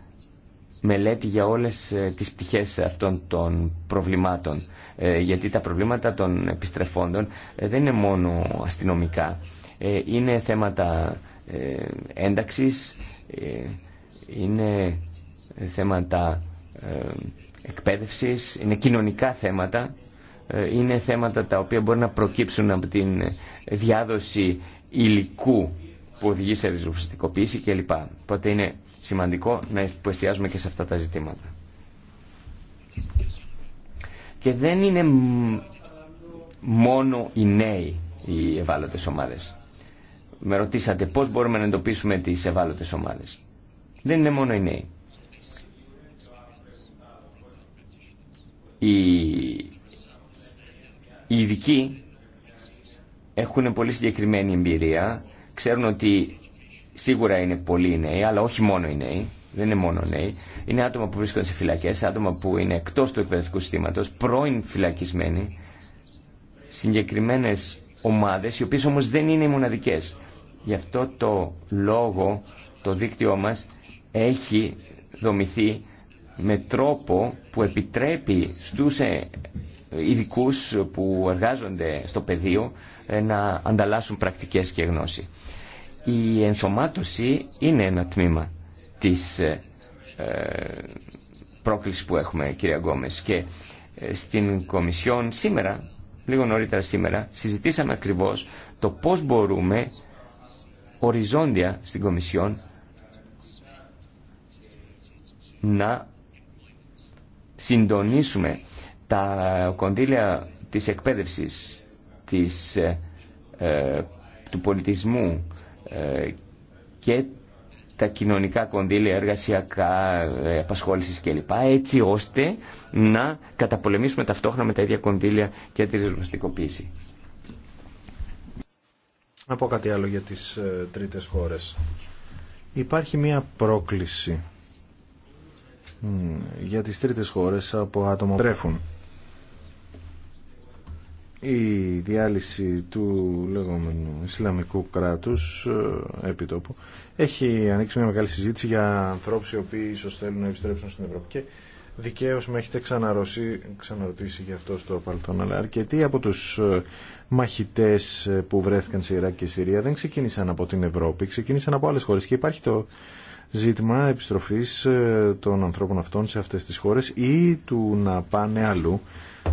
μελέτη για όλες ε, τις πτυχές αυτών των προβλημάτων ε, γιατί τα προβλήματα των επιστρεφόντων δεν είναι μόνο αστυνομικά είναι θέματα ένταξης είναι θέματα ε, εκπαίδευσης, είναι κοινωνικά θέματα, ε, είναι θέματα τα οποία μπορεί να προκύψουν από την διάδοση υλικού που οδηγεί σε ριζοφυστικοποίηση κλπ. Οπότε είναι σημαντικό να εστιάζουμε και σε αυτά τα ζητήματα. Και δεν είναι μόνο οι νέοι οι ευάλωτες ομάδες. Με ρωτήσατε πώς μπορούμε να εντοπίσουμε τις ευάλωτες ομάδες. Δεν είναι μόνο οι νέοι. οι, οι ειδικοί έχουν πολύ συγκεκριμένη εμπειρία, ξέρουν ότι σίγουρα είναι πολλοί νέοι, αλλά όχι μόνο οι νέοι, δεν είναι μόνο νέοι. Είναι άτομα που βρίσκονται σε φυλακέ, άτομα που είναι εκτό του εκπαιδευτικού συστήματο, πρώην φυλακισμένοι, συγκεκριμένε ομάδε, οι οποίε όμω δεν είναι οι μοναδικέ. Γι' αυτό το λόγο το δίκτυό μα έχει δομηθεί με τρόπο που επιτρέπει στους ε, ειδικού που εργάζονται στο πεδίο ε, να ανταλλάσσουν πρακτικές και γνώση. Η ενσωμάτωση είναι ένα τμήμα της ε, πρόκλησης που έχουμε κυρία Γκόμες και στην Κομισιόν σήμερα, λίγο νωρίτερα σήμερα, συζητήσαμε ακριβώς το πώς μπορούμε οριζόντια στην Κομισιόν να συντονίσουμε τα κονδύλια της εκπαίδευσης, της, ε, ε, του πολιτισμού ε, και τα κοινωνικά κονδύλια εργασιακά, ε, απασχόλησης κλπ. έτσι ώστε να καταπολεμήσουμε ταυτόχρονα με τα ίδια κονδύλια και τη ριζοσπαστικοποίηση. Να πω κάτι άλλο για τις τρίτες χώρες. Υπάρχει μία πρόκληση για τις τρίτες χώρες από άτομα που τρέφουν. Η διάλυση του λεγόμενου Ισλαμικού κράτους ε, επιτόπου έχει ανοίξει μια μεγάλη συζήτηση για ανθρώπους οι οποίοι ίσως θέλουν να επιστρέψουν στην Ευρώπη και δικαίως με έχετε ξαναρωτήσει για αυτό στο παρελθόν αλλά αρκετοί από τους ε, μαχητές ε, που βρέθηκαν σε Ιράκ και Συρία δεν ξεκίνησαν από την Ευρώπη, ξεκίνησαν από άλλες χώρες και υπάρχει το ζήτημα επιστροφής ε, των ανθρώπων αυτών σε αυτές τις χώρες ή του να πάνε αλλού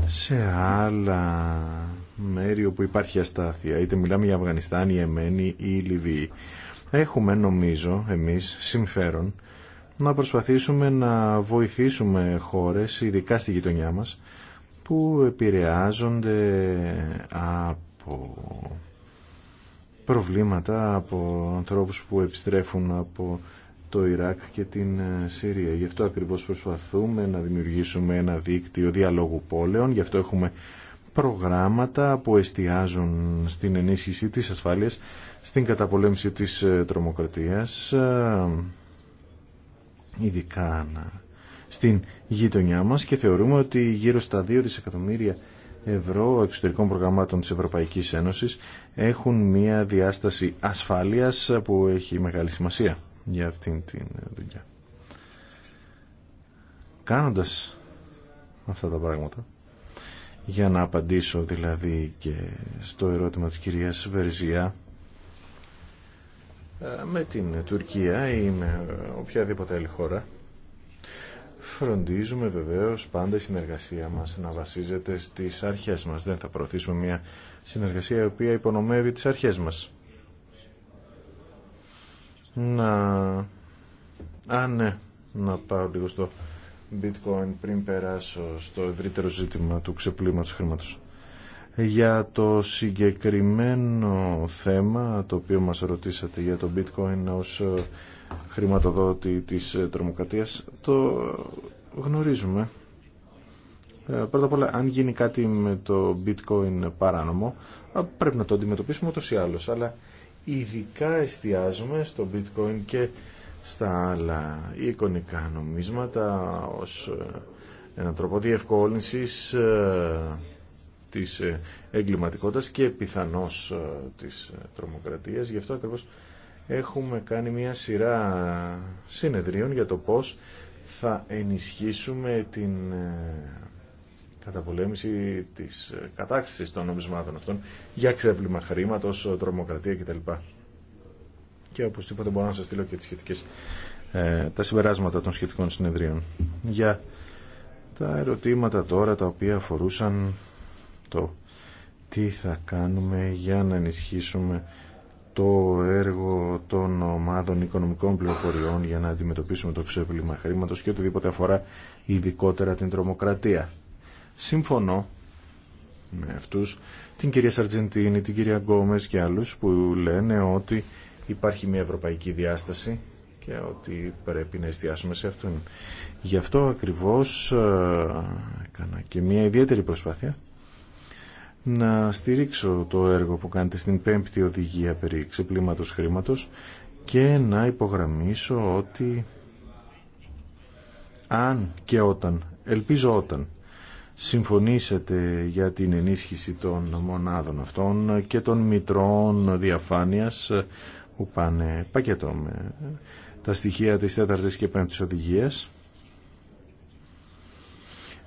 σε άλλα μέρη όπου υπάρχει αστάθεια είτε μιλάμε για Αφγανιστάν, η Εμένη ή η Λιβύη έχουμε νομίζω εμείς συμφέρον να προσπαθήσουμε να βοηθήσουμε χώρες ειδικά στη γειτονιά μας που επηρεάζονται από προβλήματα από ανθρώπους που επιστρέφουν από το Ιράκ και την ε, Συρία. Γι' αυτό ακριβώς προσπαθούμε να δημιουργήσουμε ένα δίκτυο διαλόγου πόλεων, γι' αυτό έχουμε προγράμματα που εστιάζουν στην ενίσχυση της ασφάλειας, στην καταπολέμηση της ε, τρομοκρατίας, ε, ειδικά στην γειτονιά μας και θεωρούμε ότι γύρω στα 2 δισεκατομμύρια ευρώ εξωτερικών προγραμμάτων της Ευρωπαϊκής Ένωσης έχουν μια διάσταση ασφάλειας που έχει μεγάλη σημασία για αυτήν την ε, δουλειά. Κάνοντας αυτά τα πράγματα, για να απαντήσω δηλαδή και στο ερώτημα της κυρίας Βερζιά, ε, με την Τουρκία ή με οποιαδήποτε άλλη χώρα, φροντίζουμε βεβαίως πάντα η συνεργασία μας να βασίζεται στις αρχές μας. Δεν θα προωθήσουμε μια συνεργασία η οποία υπονομεύει τις αρχές μας να... Α, ναι, να πάω λίγο στο bitcoin πριν περάσω στο ευρύτερο ζήτημα του ξεπλήματος χρήματος. Για το συγκεκριμένο θέμα το οποίο μας ρωτήσατε για το bitcoin ως ε, χρηματοδότη της ε, τρομοκρατίας το γνωρίζουμε. Ε, πρώτα απ' όλα, αν γίνει κάτι με το bitcoin παράνομο, πρέπει να το αντιμετωπίσουμε ούτως ή άλλως. Αλλά ειδικά εστιάζουμε στο bitcoin και στα άλλα εικονικά νομίσματα ως ε, έναν τρόπο διευκόλυνσης ε, της ε, εγκληματικότητας και πιθανώς της τρομοκρατίας. Γι' αυτό ακριβώς έχουμε κάνει μια σειρά συνεδρίων για το πώς θα ενισχύσουμε την καταπολέμηση της ε, κατάχρησης των νομισμάτων αυτών για ξέπλυμα χρήματος, ε, τρομοκρατία κτλ. Και οπωσδήποτε μπορώ να σας στείλω και τις σχετικές, ε, τα συμπεράσματα των σχετικών συνεδρίων. Για τα ερωτήματα τώρα τα οποία αφορούσαν το τι θα κάνουμε για να ενισχύσουμε το έργο των ομάδων οικονομικών πληροφοριών για να αντιμετωπίσουμε το ξέπλυμα χρήματος και οτιδήποτε αφορά ειδικότερα την τρομοκρατία συμφωνώ με αυτούς, την κυρία Σαρτζεντίνη, την κυρία Γκόμες και άλλους που λένε ότι υπάρχει μια ευρωπαϊκή διάσταση και ότι πρέπει να εστιάσουμε σε αυτόν. Γι' αυτό ακριβώς ε, έκανα και μια ιδιαίτερη προσπάθεια να στηρίξω το έργο που κάνετε στην πέμπτη οδηγία περί ξεπλήματος χρήματος και να υπογραμμίσω ότι αν και όταν, ελπίζω όταν, συμφωνήσατε για την ενίσχυση των μονάδων αυτών και των μητρών διαφάνειας που πάνε πακέτο με τα στοιχεία της τέταρτης και πέμπτης οδηγίας.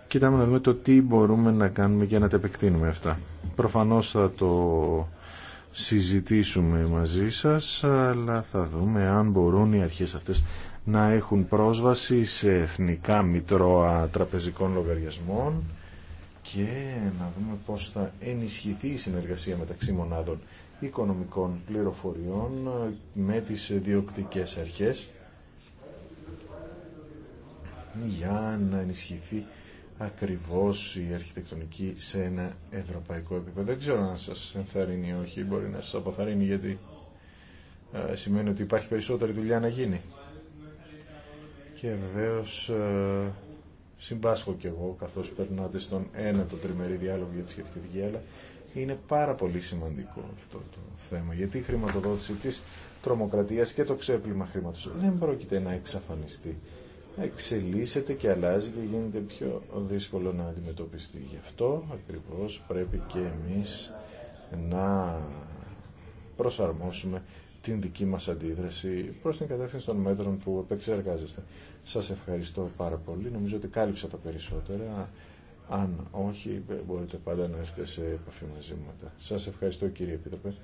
Κοιτάμε να δούμε το τι μπορούμε να κάνουμε για να τα επεκτείνουμε αυτά. Προφανώς θα το συζητήσουμε μαζί σας, αλλά θα δούμε αν μπορούν οι αρχές αυτές να έχουν πρόσβαση σε εθνικά μητρώα τραπεζικών λογαριασμών και να δούμε πώς θα ενισχυθεί η συνεργασία μεταξύ μονάδων οικονομικών πληροφοριών με τις διοκτικές αρχές για να ενισχυθεί ακριβώς η αρχιτεκτονική σε ένα ευρωπαϊκό επίπεδο. Δεν ξέρω αν σας ενθαρρύνει ή όχι, μπορεί να σας αποθαρρύνει γιατί ε, σημαίνει ότι υπάρχει περισσότερη δουλειά να γίνει. Και βεβαίως ε, συμπάσχω κι εγώ καθώς περνάτε στον ένα το τριμερή διάλογο για τη σχετική οδηγία αλλά είναι πάρα πολύ σημαντικό αυτό το θέμα γιατί η χρηματοδότηση της τρομοκρατία και το ξέπλυμα χρήματο. δεν πρόκειται να εξαφανιστεί εξελίσσεται και αλλάζει και γίνεται πιο δύσκολο να αντιμετωπιστεί γι' αυτό ακριβώς πρέπει και εμείς να προσαρμόσουμε την δική μας αντίδραση προς την κατεύθυνση των μέτρων που επεξεργάζεστε. Σας ευχαριστώ πάρα πολύ. Νομίζω ότι κάλυψα τα περισσότερα. Αν όχι, μπορείτε πάντα να έρθετε σε επαφή μαζί μου Σας ευχαριστώ κύριε Επίτροπε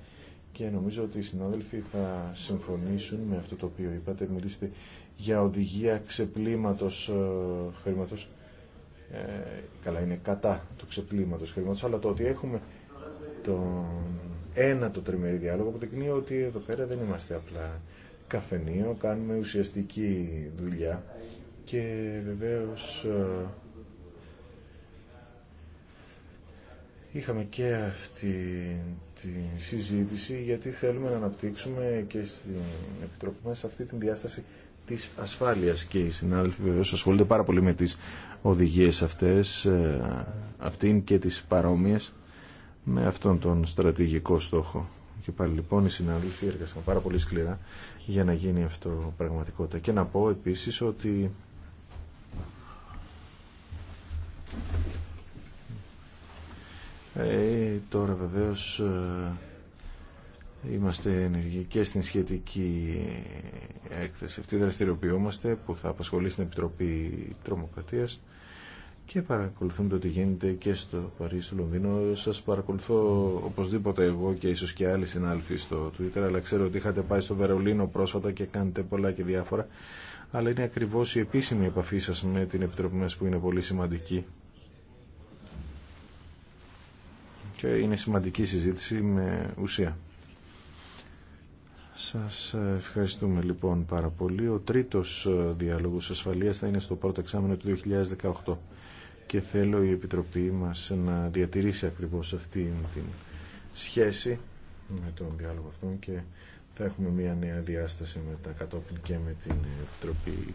και νομίζω ότι οι συνάδελφοι θα συμφωνήσουν με αυτό το οποίο είπατε. Μιλήσετε για οδηγία ξεπλήματος ε, χρήματος. Ε, καλά, είναι κατά του ξεπλήματος χρήματος, αλλά το ότι έχουμε τον ένα το τριμερή διάλογο που ότι εδώ πέρα δεν είμαστε απλά καφενείο, κάνουμε ουσιαστική δουλειά και βεβαίως ε, είχαμε και αυτή τη συζήτηση γιατί θέλουμε να αναπτύξουμε και στην Επιτροπή μας αυτή την διάσταση της ασφάλειας και οι συνάδελφοι βεβαίως ασχολούνται πάρα πολύ με τις οδηγίες αυτές, ε, αυτήν και τις παρόμοιες με αυτόν τον στρατηγικό στόχο. Και πάλι λοιπόν οι συνάδελφοι έργασαν πάρα πολύ σκληρά για να γίνει αυτό πραγματικότητα. Και να πω επίσης ότι ε, τώρα βεβαίως ε, είμαστε ενεργοί και στην σχετική έκθεση. Αυτή δραστηριοποιούμαστε που θα απασχολεί στην Επιτροπή Τρομοκρατίας και παρακολουθούμε το τι γίνεται και στο Παρίσι, στο Λονδίνο. Σα παρακολουθώ οπωσδήποτε εγώ και ίσω και άλλοι συνάλφοι στο Twitter, αλλά ξέρω ότι είχατε πάει στο Βερολίνο πρόσφατα και κάνετε πολλά και διάφορα. Αλλά είναι ακριβώ η επίσημη επαφή σα με την Επιτροπή μα που είναι πολύ σημαντική. Και είναι σημαντική συζήτηση με ουσία. Σας ευχαριστούμε λοιπόν πάρα πολύ. Ο τρίτος διάλογος ασφαλείας θα είναι στο πρώτο εξάμεινο του 2018 και θέλω η Επιτροπή μας να διατηρήσει ακριβώς αυτή την σχέση με τον διάλογο αυτόν και θα έχουμε μια νέα διάσταση με τα κατόπιν και με την Επιτροπή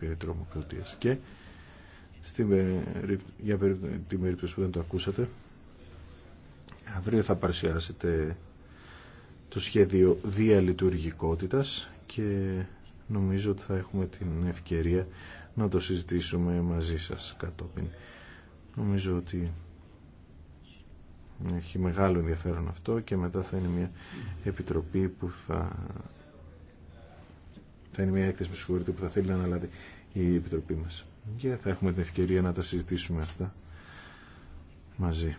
Περιτρομοκρατίας και στην για την περίπτωση που δεν το ακούσατε αύριο θα παρουσιάσετε το σχέδιο διαλειτουργικότητας και νομίζω ότι θα έχουμε την ευκαιρία να το συζητήσουμε μαζί σας κατόπιν. Νομίζω ότι έχει μεγάλο ενδιαφέρον αυτό και μετά θα είναι μια επιτροπή που θα θα είναι μια έκθεση που που θα θέλει να αναλάβει η επιτροπή μας και θα έχουμε την ευκαιρία να τα συζητήσουμε αυτά μαζί.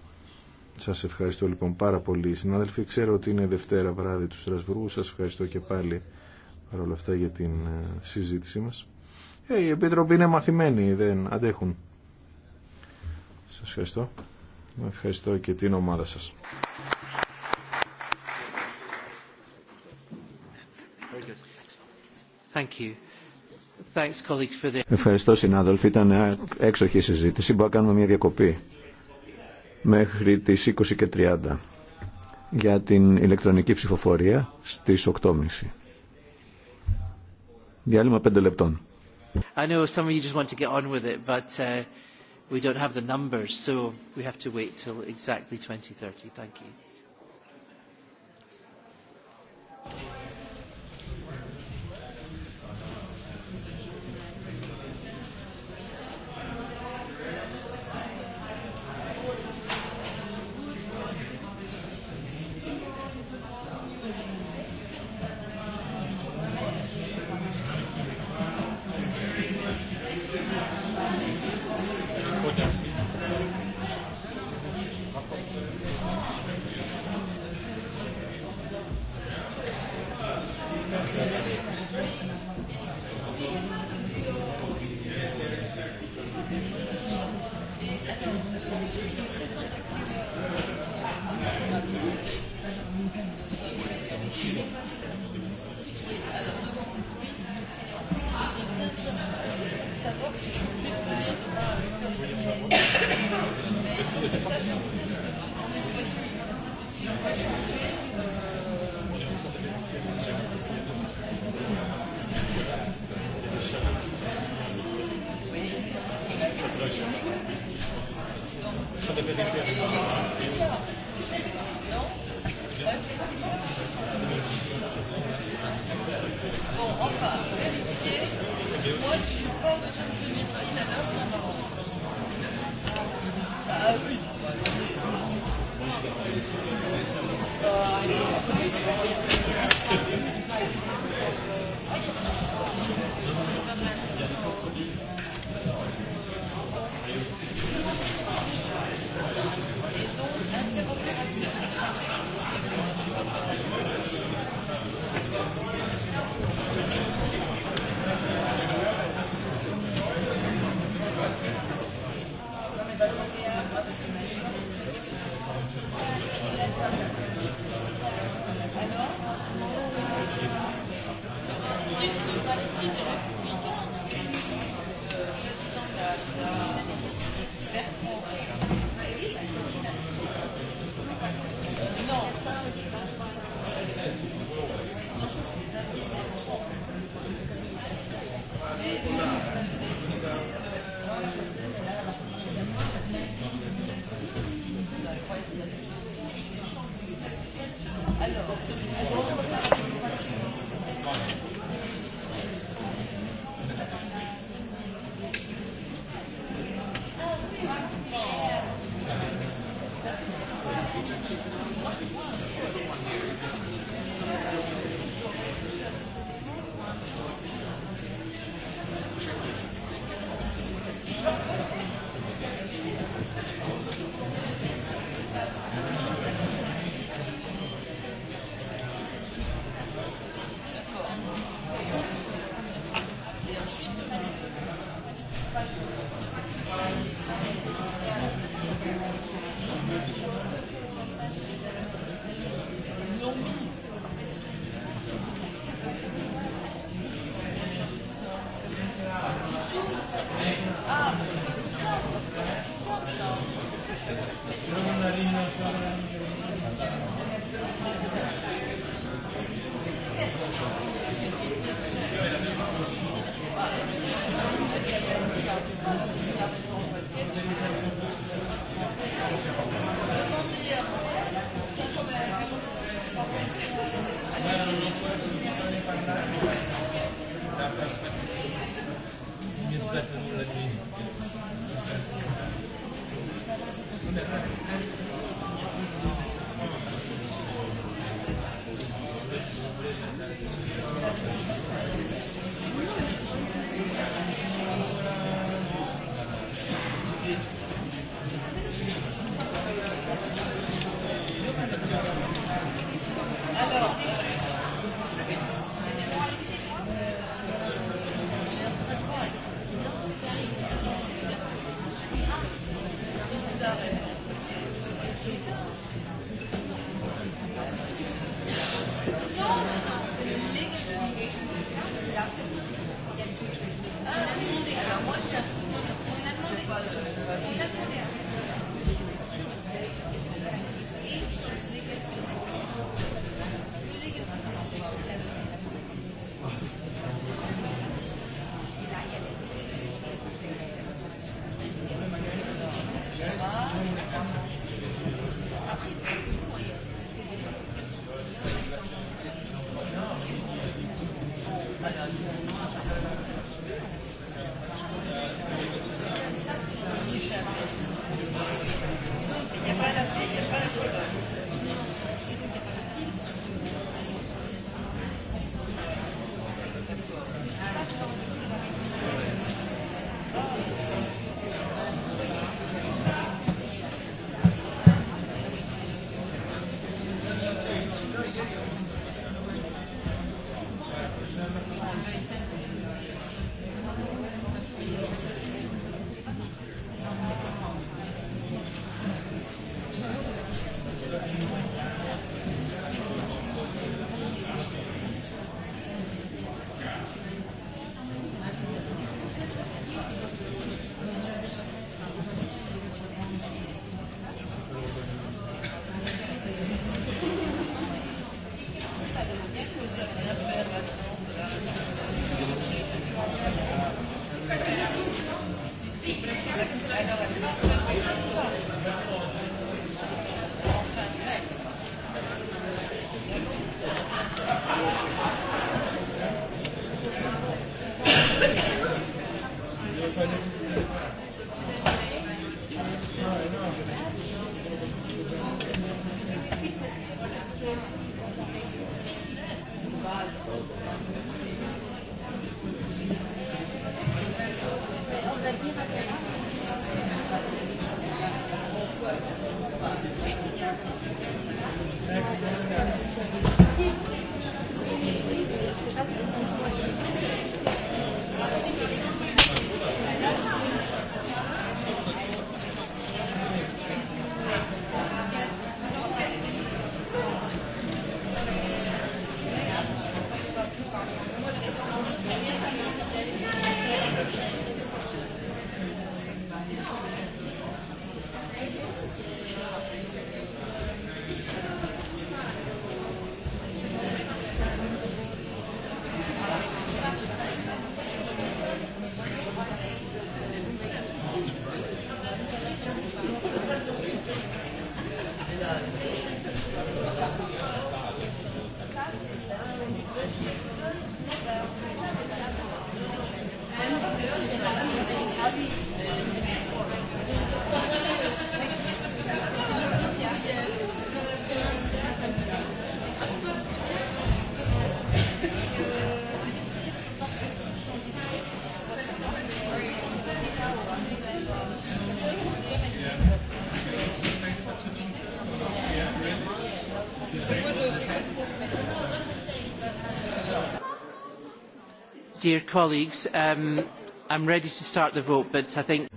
Σας ευχαριστώ λοιπόν πάρα πολύ συνάδελφοι. Ξέρω ότι είναι Δευτέρα βράδυ του Στρασβουργού. Σας ευχαριστώ και πάλι παρόλα αυτά για την ε, συζήτησή μας οι ε, επίτροποι είναι μαθημένοι, δεν αντέχουν. Σας ευχαριστώ. Ευχαριστώ και την ομάδα σας. Ευχαριστώ συνάδελφοι. Ήταν έξοχη συζήτηση. Μπορούμε να κάνουμε μια διακοπή μέχρι τις 20 και 30 για την ηλεκτρονική ψηφοφορία στις 8.30. Διάλειμμα 5 λεπτών. I know some of you just want to get on with it, but we don't have the numbers, so we have to wait till exactly 2030. Thank you.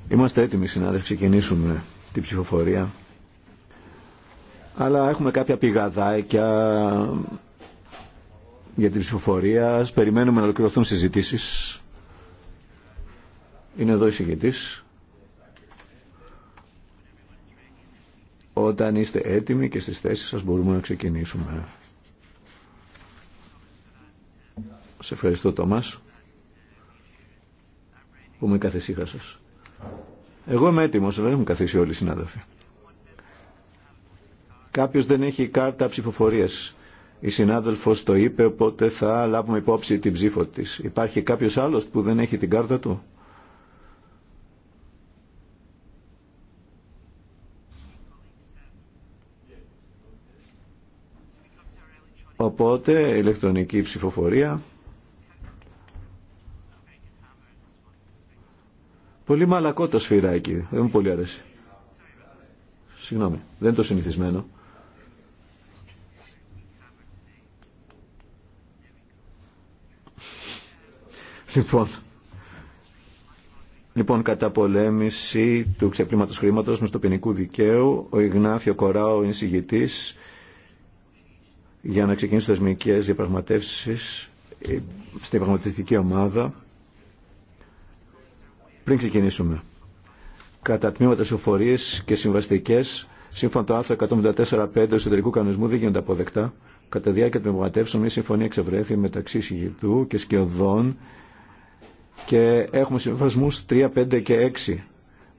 Είμαστε έτοιμοι, συνάδελφοι, ξεκινήσουμε την ψηφοφορία. Αλλά έχουμε κάποια πηγαδάκια για την ψηφοφορία. περιμένουμε να ολοκληρωθούν συζητήσεις. Είναι εδώ η συγκεκριτή. Όταν είστε έτοιμοι και στις θέσεις σας μπορούμε να ξεκινήσουμε. Σε ευχαριστώ Τόμας που με καθησύχασε. Εγώ είμαι έτοιμο, αλλά δεν μου καθίσει όλοι οι συνάδελφοι. Κάποιο δεν έχει κάρτα ψηφοφορία. Η συνάδελφο το είπε, οπότε θα λάβουμε υπόψη την ψήφο τη. Υπάρχει κάποιο άλλο που δεν έχει την κάρτα του. Οπότε ηλεκτρονική ψηφοφορία. Πολύ μαλακό το σφυράκι. Δεν μου πολύ αρέσει. Συγγνώμη, δεν είναι το συνηθισμένο. Λοιπόν, λοιπόν κατά πολέμηση του ξεπλήματος χρήματος με στο ποινικού δικαίου. Ο Ιγνάθιο Κοράο είναι συγγητής για να ξεκινήσουν θεσμικές διαπραγματεύσεις ε, στην πραγματιστική ομάδα. Πριν ξεκινήσουμε, κατά τμήματα συμφορίε και συμβαστικέ, σύμφωνα το άρθρο 154-5 του εσωτερικού κανονισμού, δεν γίνονται αποδεκτά. Κατά διάρκεια των πραγματεύσεων, μια συμφωνία εξευρέθη μεταξύ συγγητού και σκιωδών και έχουμε συμβασμού 3, 5 και 6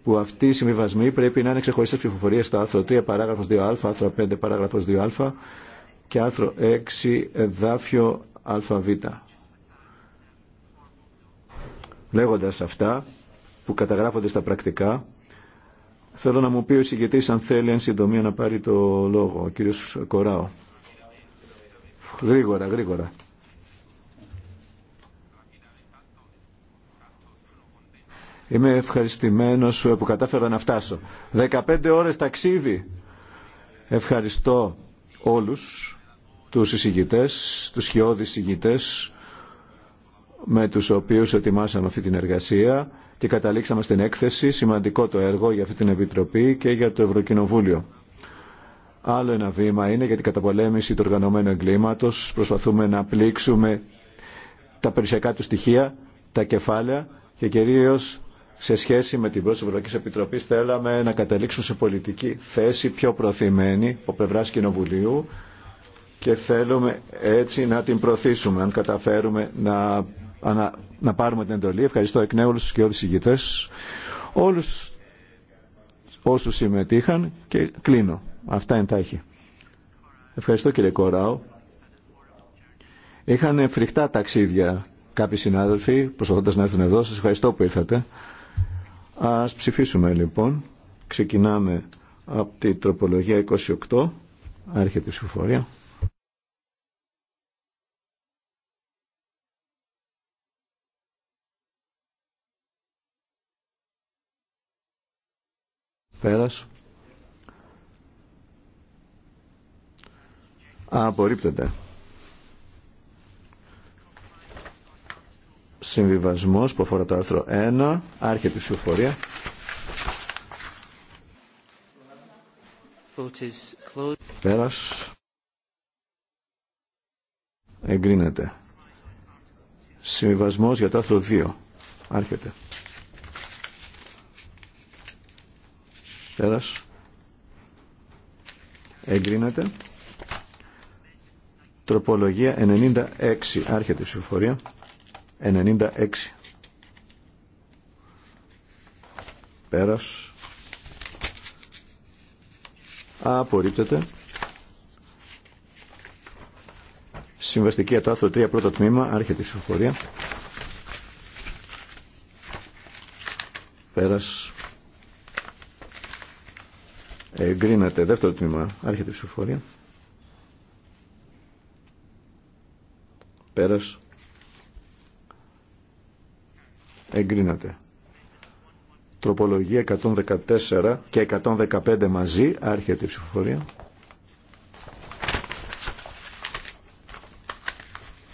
που αυτοί οι συμβιβασμοί πρέπει να είναι ξεχωριστέ ψηφοφορίε στο άρθρο 3, παράγραφος 2α, άρθρο 5, παράγραφος 2α και άρθρο 6, εδάφιο αβ. Λέγοντα αυτά, που καταγράφονται στα πρακτικά. Θέλω να μου πει ο εισηγητή, αν θέλει εν συντομία να πάρει το λόγο, ο κύριος Κοράο. Γρήγορα, γρήγορα. Είμαι ευχαριστημένος που κατάφερα να φτάσω. 15 ώρες ταξίδι. Ευχαριστώ όλους τους εισηγητές, τους χιώδεις εισηγητές με τους οποίους ετοιμάσαμε αυτή την εργασία και καταλήξαμε στην έκθεση. Σημαντικό το έργο για αυτή την Επιτροπή και για το Ευρωκοινοβούλιο. Άλλο ένα βήμα είναι για την καταπολέμηση του οργανωμένου εγκλήματος. Προσπαθούμε να πλήξουμε τα περιουσιακά του στοιχεία, τα κεφάλαια και κυρίως σε σχέση με την πρόσωπη Ευρωπαϊκή Επιτροπή θέλαμε να καταλήξουμε σε πολιτική θέση πιο προθυμένη από πλευρά Κοινοβουλίου και θέλουμε έτσι να την προωθήσουμε αν καταφέρουμε να, να να πάρουμε την εντολή. Ευχαριστώ εκ νέου όλους τους σκιώδεις ηγητές, όλους όσους συμμετείχαν και κλείνω. Αυτά εντάχει. Ευχαριστώ κύριε Κοράου. Είχαν φρικτά ταξίδια κάποιοι συνάδελφοι προσπαθώντας να έρθουν εδώ. Σας ευχαριστώ που ήρθατε. Ας ψηφίσουμε λοιπόν. Ξεκινάμε από την τροπολογία 28. Άρχεται η ψηφοφορία. Πέρας. Απορρίπτεται. Συμβιβασμός που αφορά το άρθρο 1. Άρχεται η ψηφοφορία. Πέρας. Εγκρίνεται. Συμβιβασμός για το άρθρο 2. Άρχεται. Πέρας. Εγκρίνεται. Τροπολογία 96. Άρχεται η συμφορία. 96. Πέρας. Απορρίπτεται. Συμβαστική το άρθρο 3 πρώτο τμήμα. Άρχεται η συμφορία. Πέρας. Εγκρίνεται. Δεύτερο τμήμα. Άρχεται η ψηφοφορία. Πέρας. Εγκρίνεται. Τροπολογία 114 και 115 μαζί. Άρχεται η ψηφοφορία.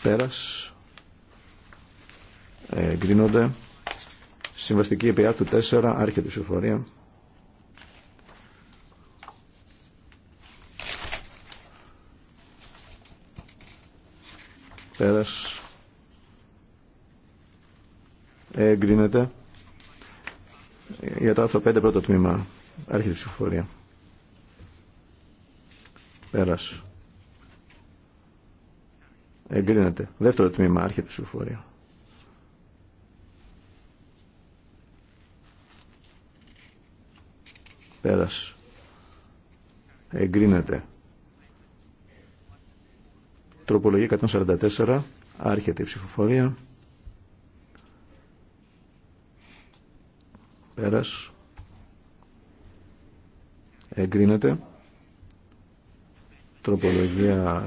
Πέρας. Εγκρίνονται. Συμβαστική επί άρθρου 4. Άρχεται η ψηφοφορία. Πέρας. Εγκρίνεται. Για το άρθρο 5 πρώτο τμήμα. τη ψηφοφορία. Πέρας. Εγκρίνεται. Δεύτερο τμήμα. τη ψηφοφορία. Πέρας. Εγκρίνεται. Τροπολογία 144. Άρχεται η ψηφοφορία. Πέρας. Εγκρίνεται. Τροπολογία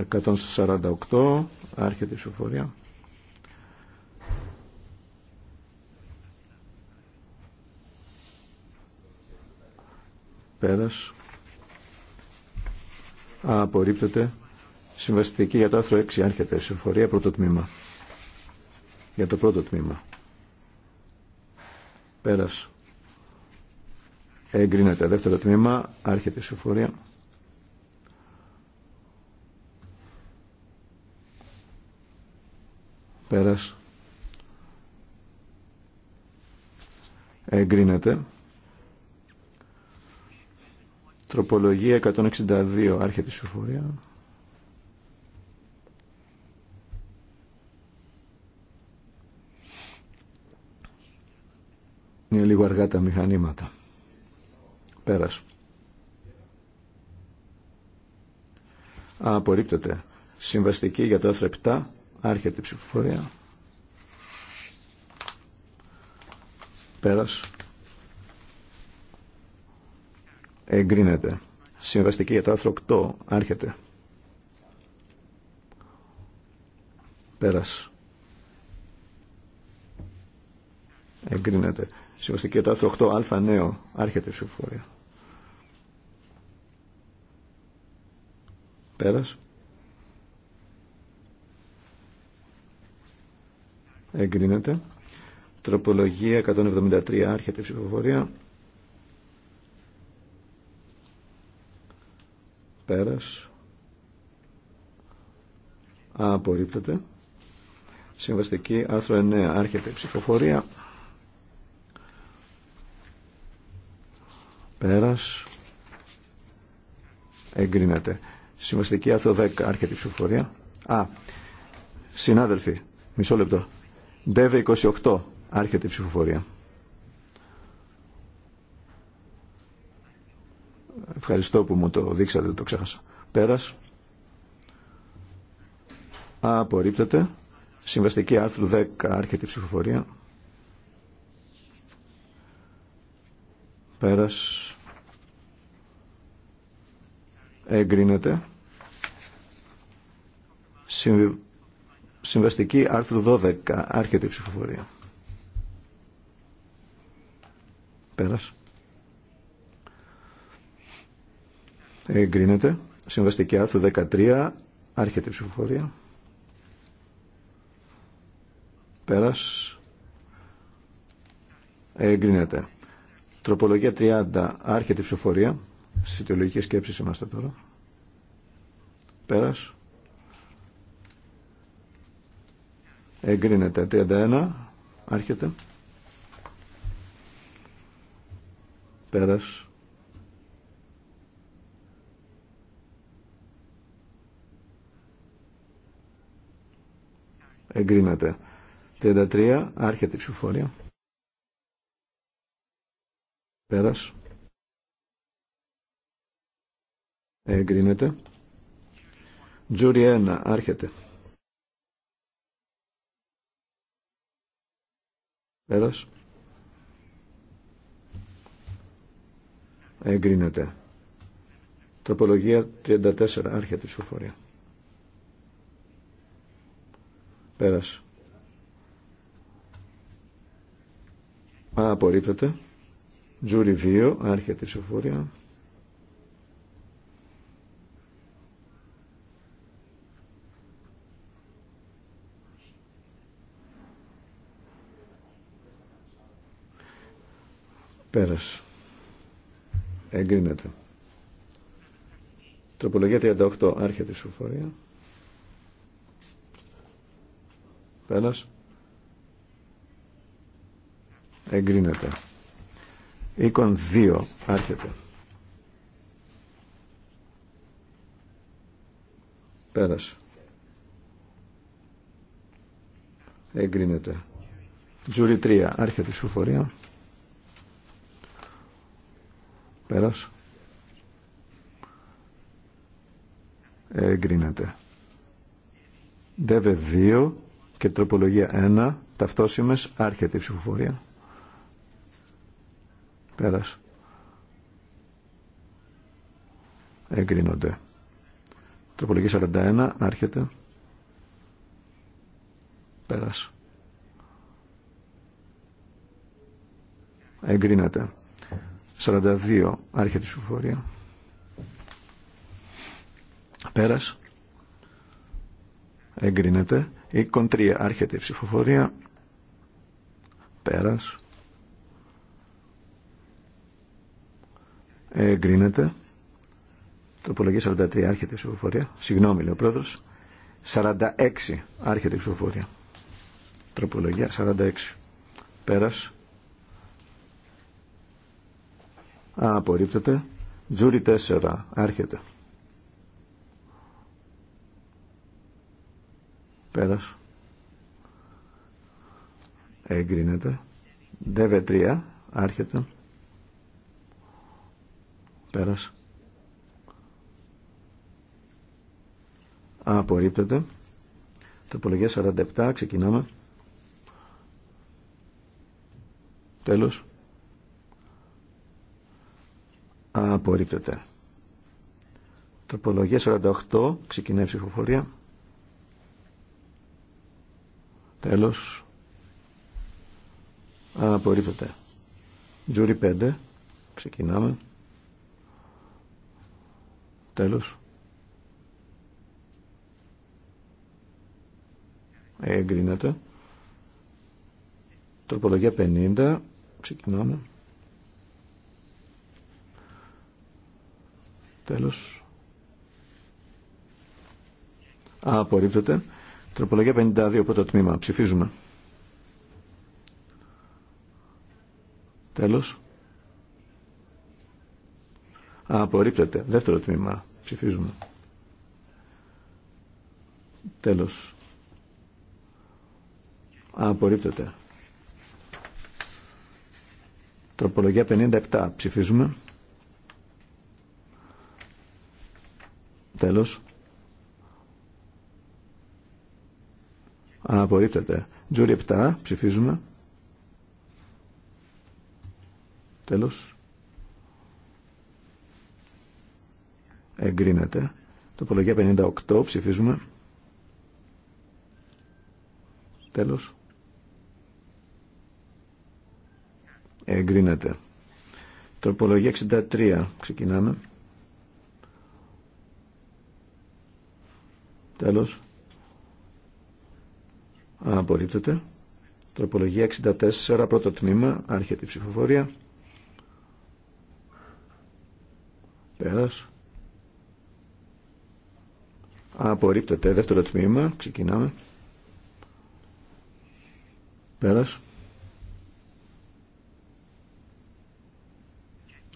148. Άρχεται η ψηφοφορία. Πέρας. Απορρίπτεται. Συμβαστική για το άρθρο 6 άρχεται. Συμφορία πρώτο τμήμα. Για το πρώτο τμήμα. Πέρας. Εγκρίνεται. Δεύτερο τμήμα. Άρχεται η συμφορία. Πέρας. Εγκρίνεται. Τροπολογία 162. Άρχεται η συμφορία. Είναι λίγο αργά τα μηχανήματα. Πέρας. Απορρίπτεται. Συμβαστική για το άρθρο 7. Άρχεται η ψηφοφορία. Πέρας. Εγκρίνεται. Συμβαστική για το άρθρο 8. Άρχεται. Πέρας. Εγκρίνεται. Συμβαστική το άρθρο 8α νέο. Άρχεται η ψηφοφορία. Πέρας. Εγκρίνεται. Τροπολογία 173. Άρχεται η ψηφοφορία. Πέρας. Απορρίπτεται. Συμβαστική άρθρο 9. Άρχεται η ψηφοφορία. Πέρας. Εγκρίνεται. Συμβαστική άρθρο 10. Άρχεται η ψηφοφορία. Α. Συνάδελφοι. Μισό λεπτό. ΔΕΒΕ 28. Άρχεται η ψηφοφορία. Ευχαριστώ που μου το δείξατε, το ξέχασα. Πέρας. Απορρίπτεται. Συμβαστική άρθρο 10. Άρχεται η ψηφοφορία. Πέρας εγκρίνεται. Συμβαστική άρθρου 12, άρχεται η ψηφοφορία. Πέρας. Εγκρίνεται. Συμβαστική άρθρου 13, άρχεται η ψηφοφορία. Πέρας. Εγκρίνεται. Τροπολογία 30, άρχεται η ψηφοφορία. Στις ιδεολογικές σκέψεις είμαστε τώρα. Πέρας. Εγκρίνεται. 31. Άρχεται. Πέρας. Εγκρίνεται. 33. Άρχεται η ψηφοφορία. Πέρας. εγκρίνεται. Τζούρι 1, άρχεται. Πέρας. Εγκρίνεται. Τροπολογία 34, άρχεται η ψηφοφορία. Πέρας. Α, απορρίπτεται. Τζούρι 2, άρχεται η ψηφοφορία. Πέρας. Εγκρίνεται. Τροπολογία 38. Άρχεται η σοφορία. Πέρας. Εγκρίνεται. Οίκον 2. Άρχεται. Πέρας. Εγκρίνεται. Τζούρι 3. Άρχεται η Πέρας. Εγκρίνεται. ΔΕΒΕ 2 και τροπολογία 1 ταυτόσημες άρχεται η ψηφοφορία. Πέρας. Εγκρίνονται. Τροπολογία 41 άρχεται. Πέρας. Εγκρίνεται. 42 άρχεται η ψηφοφορία. Πέρας. Εγκρίνεται. Ή 3 άρχεται η ψηφοφορία. Πέρας. Εγκρίνεται. Τροπολογία 43 άρχεται η ψηφοφορία. Συγγνώμη λέει ο πρόεδρος. 46 άρχεται η ψηφοφορία. Τροπολογία 46. Πέρας. απορρίπτεται. Τζούρι 4 άρχεται. Πέρας. Εγκρίνεται. Δεβε 3 άρχεται. Πέρας. Απορρίπτεται. Τεπολογία 47 ξεκινάμε. Τέλος. Απορρίπτεται. Τροπολογία 48. Ξεκινάει η ψηφοφορία. Τέλος. Απορρίπτεται. Τζούρι 5. Ξεκινάμε. Τέλος. Εγκρίνεται. Τροπολογία 50. Ξεκινάμε. Τέλος. Α, απορρίπτεται. Τροπολογία 52, πρώτο τμήμα. Ψηφίζουμε. Τέλος. Α, απορρίπτεται. Δεύτερο τμήμα. Ψηφίζουμε. Τέλος. Α, απορρίπτεται. Τροπολογία 57. Ψηφίζουμε. Τέλος. Απορρίπτεται. Τζούρι 7. Ψηφίζουμε. Τέλος. Εγκρίνεται. Τοπολογία 58. Ψηφίζουμε. Τέλος. Εγκρίνεται. Τροπολογία 63. Ξεκινάμε. Τέλος. Απορρίπτεται. Τροπολογία 64, πρώτο τμήμα, άρχεται η ψηφοφορία. Πέρας. Απορρίπτεται. Δεύτερο τμήμα. Ξεκινάμε. Πέρας.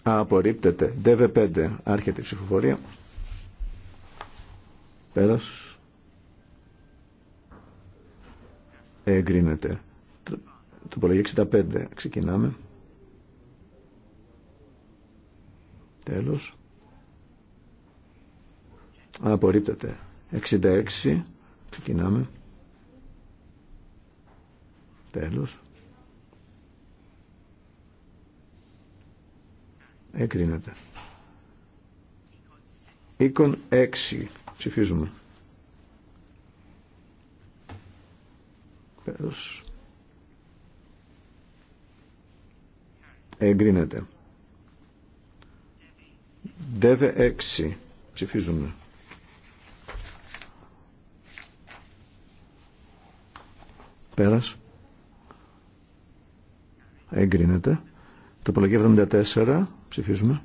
Απορρίπτεται. ΔΒ5. Άρχεται η ψηφοφορία. Πέρας. εγκρίνεται. Τροπολογία 65. Ξεκινάμε. Τέλος. Απορρίπτεται. 66. Ξεκινάμε. Τέλος. Εγκρίνεται. Οίκον 6. Ψηφίζουμε. Εγκρίνεται. ΔΕΒΕ 6. Ψηφίζουμε. Πέρας. Εγκρίνεται. Τοπολογία 74. Ψηφίζουμε.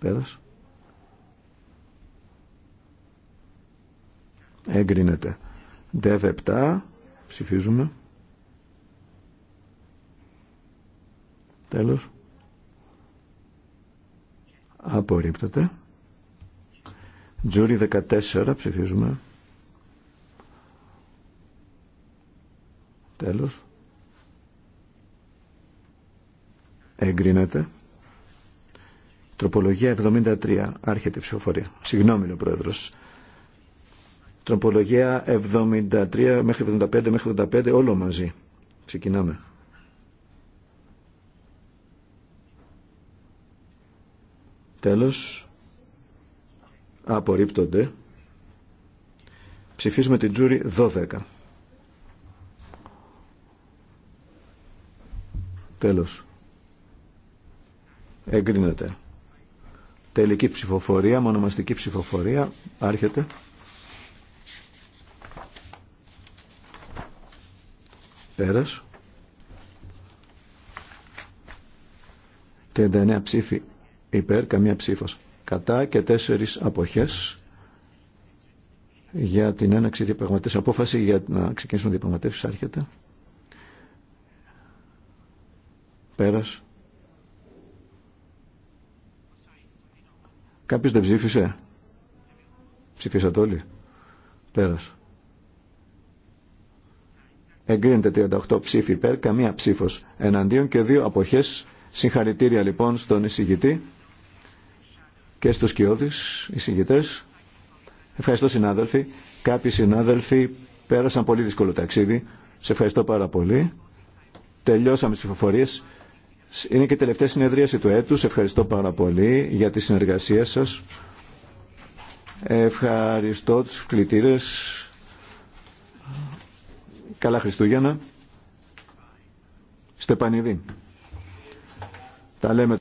Πέρας. Εγκρίνεται. Dev 7. Ψηφίζουμε. Τέλος. Απορρίπτεται. Τζούρι 14. Ψηφίζουμε. Τέλος. Εγκρίνεται. Τροπολογία 73. Άρχεται η ψηφοφορία. Συγγνώμη, ο Πρόεδρος. Τροπολογία 73 μέχρι 75 μέχρι 85 όλο μαζί. Ξεκινάμε. Τέλος. Απορρίπτονται. Ψηφίζουμε την τζούρι 12. Τέλος. Εγκρίνεται. Τελική ψηφοφορία, μονομαστική ψηφοφορία. Άρχεται. Πέρας. 39 ψήφοι υπέρ, καμία ψήφος κατά και τέσσερις αποχές για την έναξη διαπραγματεύσεων. Απόφαση για να ξεκινήσουν διαπραγματεύσεις άρχεται. Πέρας. Κάποιος δεν ψήφισε. Ψηφίσατε όλοι. Πέρας. Εγκρίνεται 38 ψήφοι υπέρ, καμία ψήφο εναντίον και δύο αποχέ. Συγχαρητήρια λοιπόν στον εισηγητή και στους κοιόδης εισηγητές. Ευχαριστώ συνάδελφοι. Κάποιοι συνάδελφοι πέρασαν πολύ δύσκολο ταξίδι. Σε ευχαριστώ πάρα πολύ. Τελειώσαμε τις ψηφοφορίες. Είναι και η τελευταία συνεδρίαση του έτους. Ευχαριστώ πάρα πολύ για τη συνεργασία σας. Ευχαριστώ τους κλητήρες. Καλά Χριστούγεννα. Στεπανιδή. Τα λέμε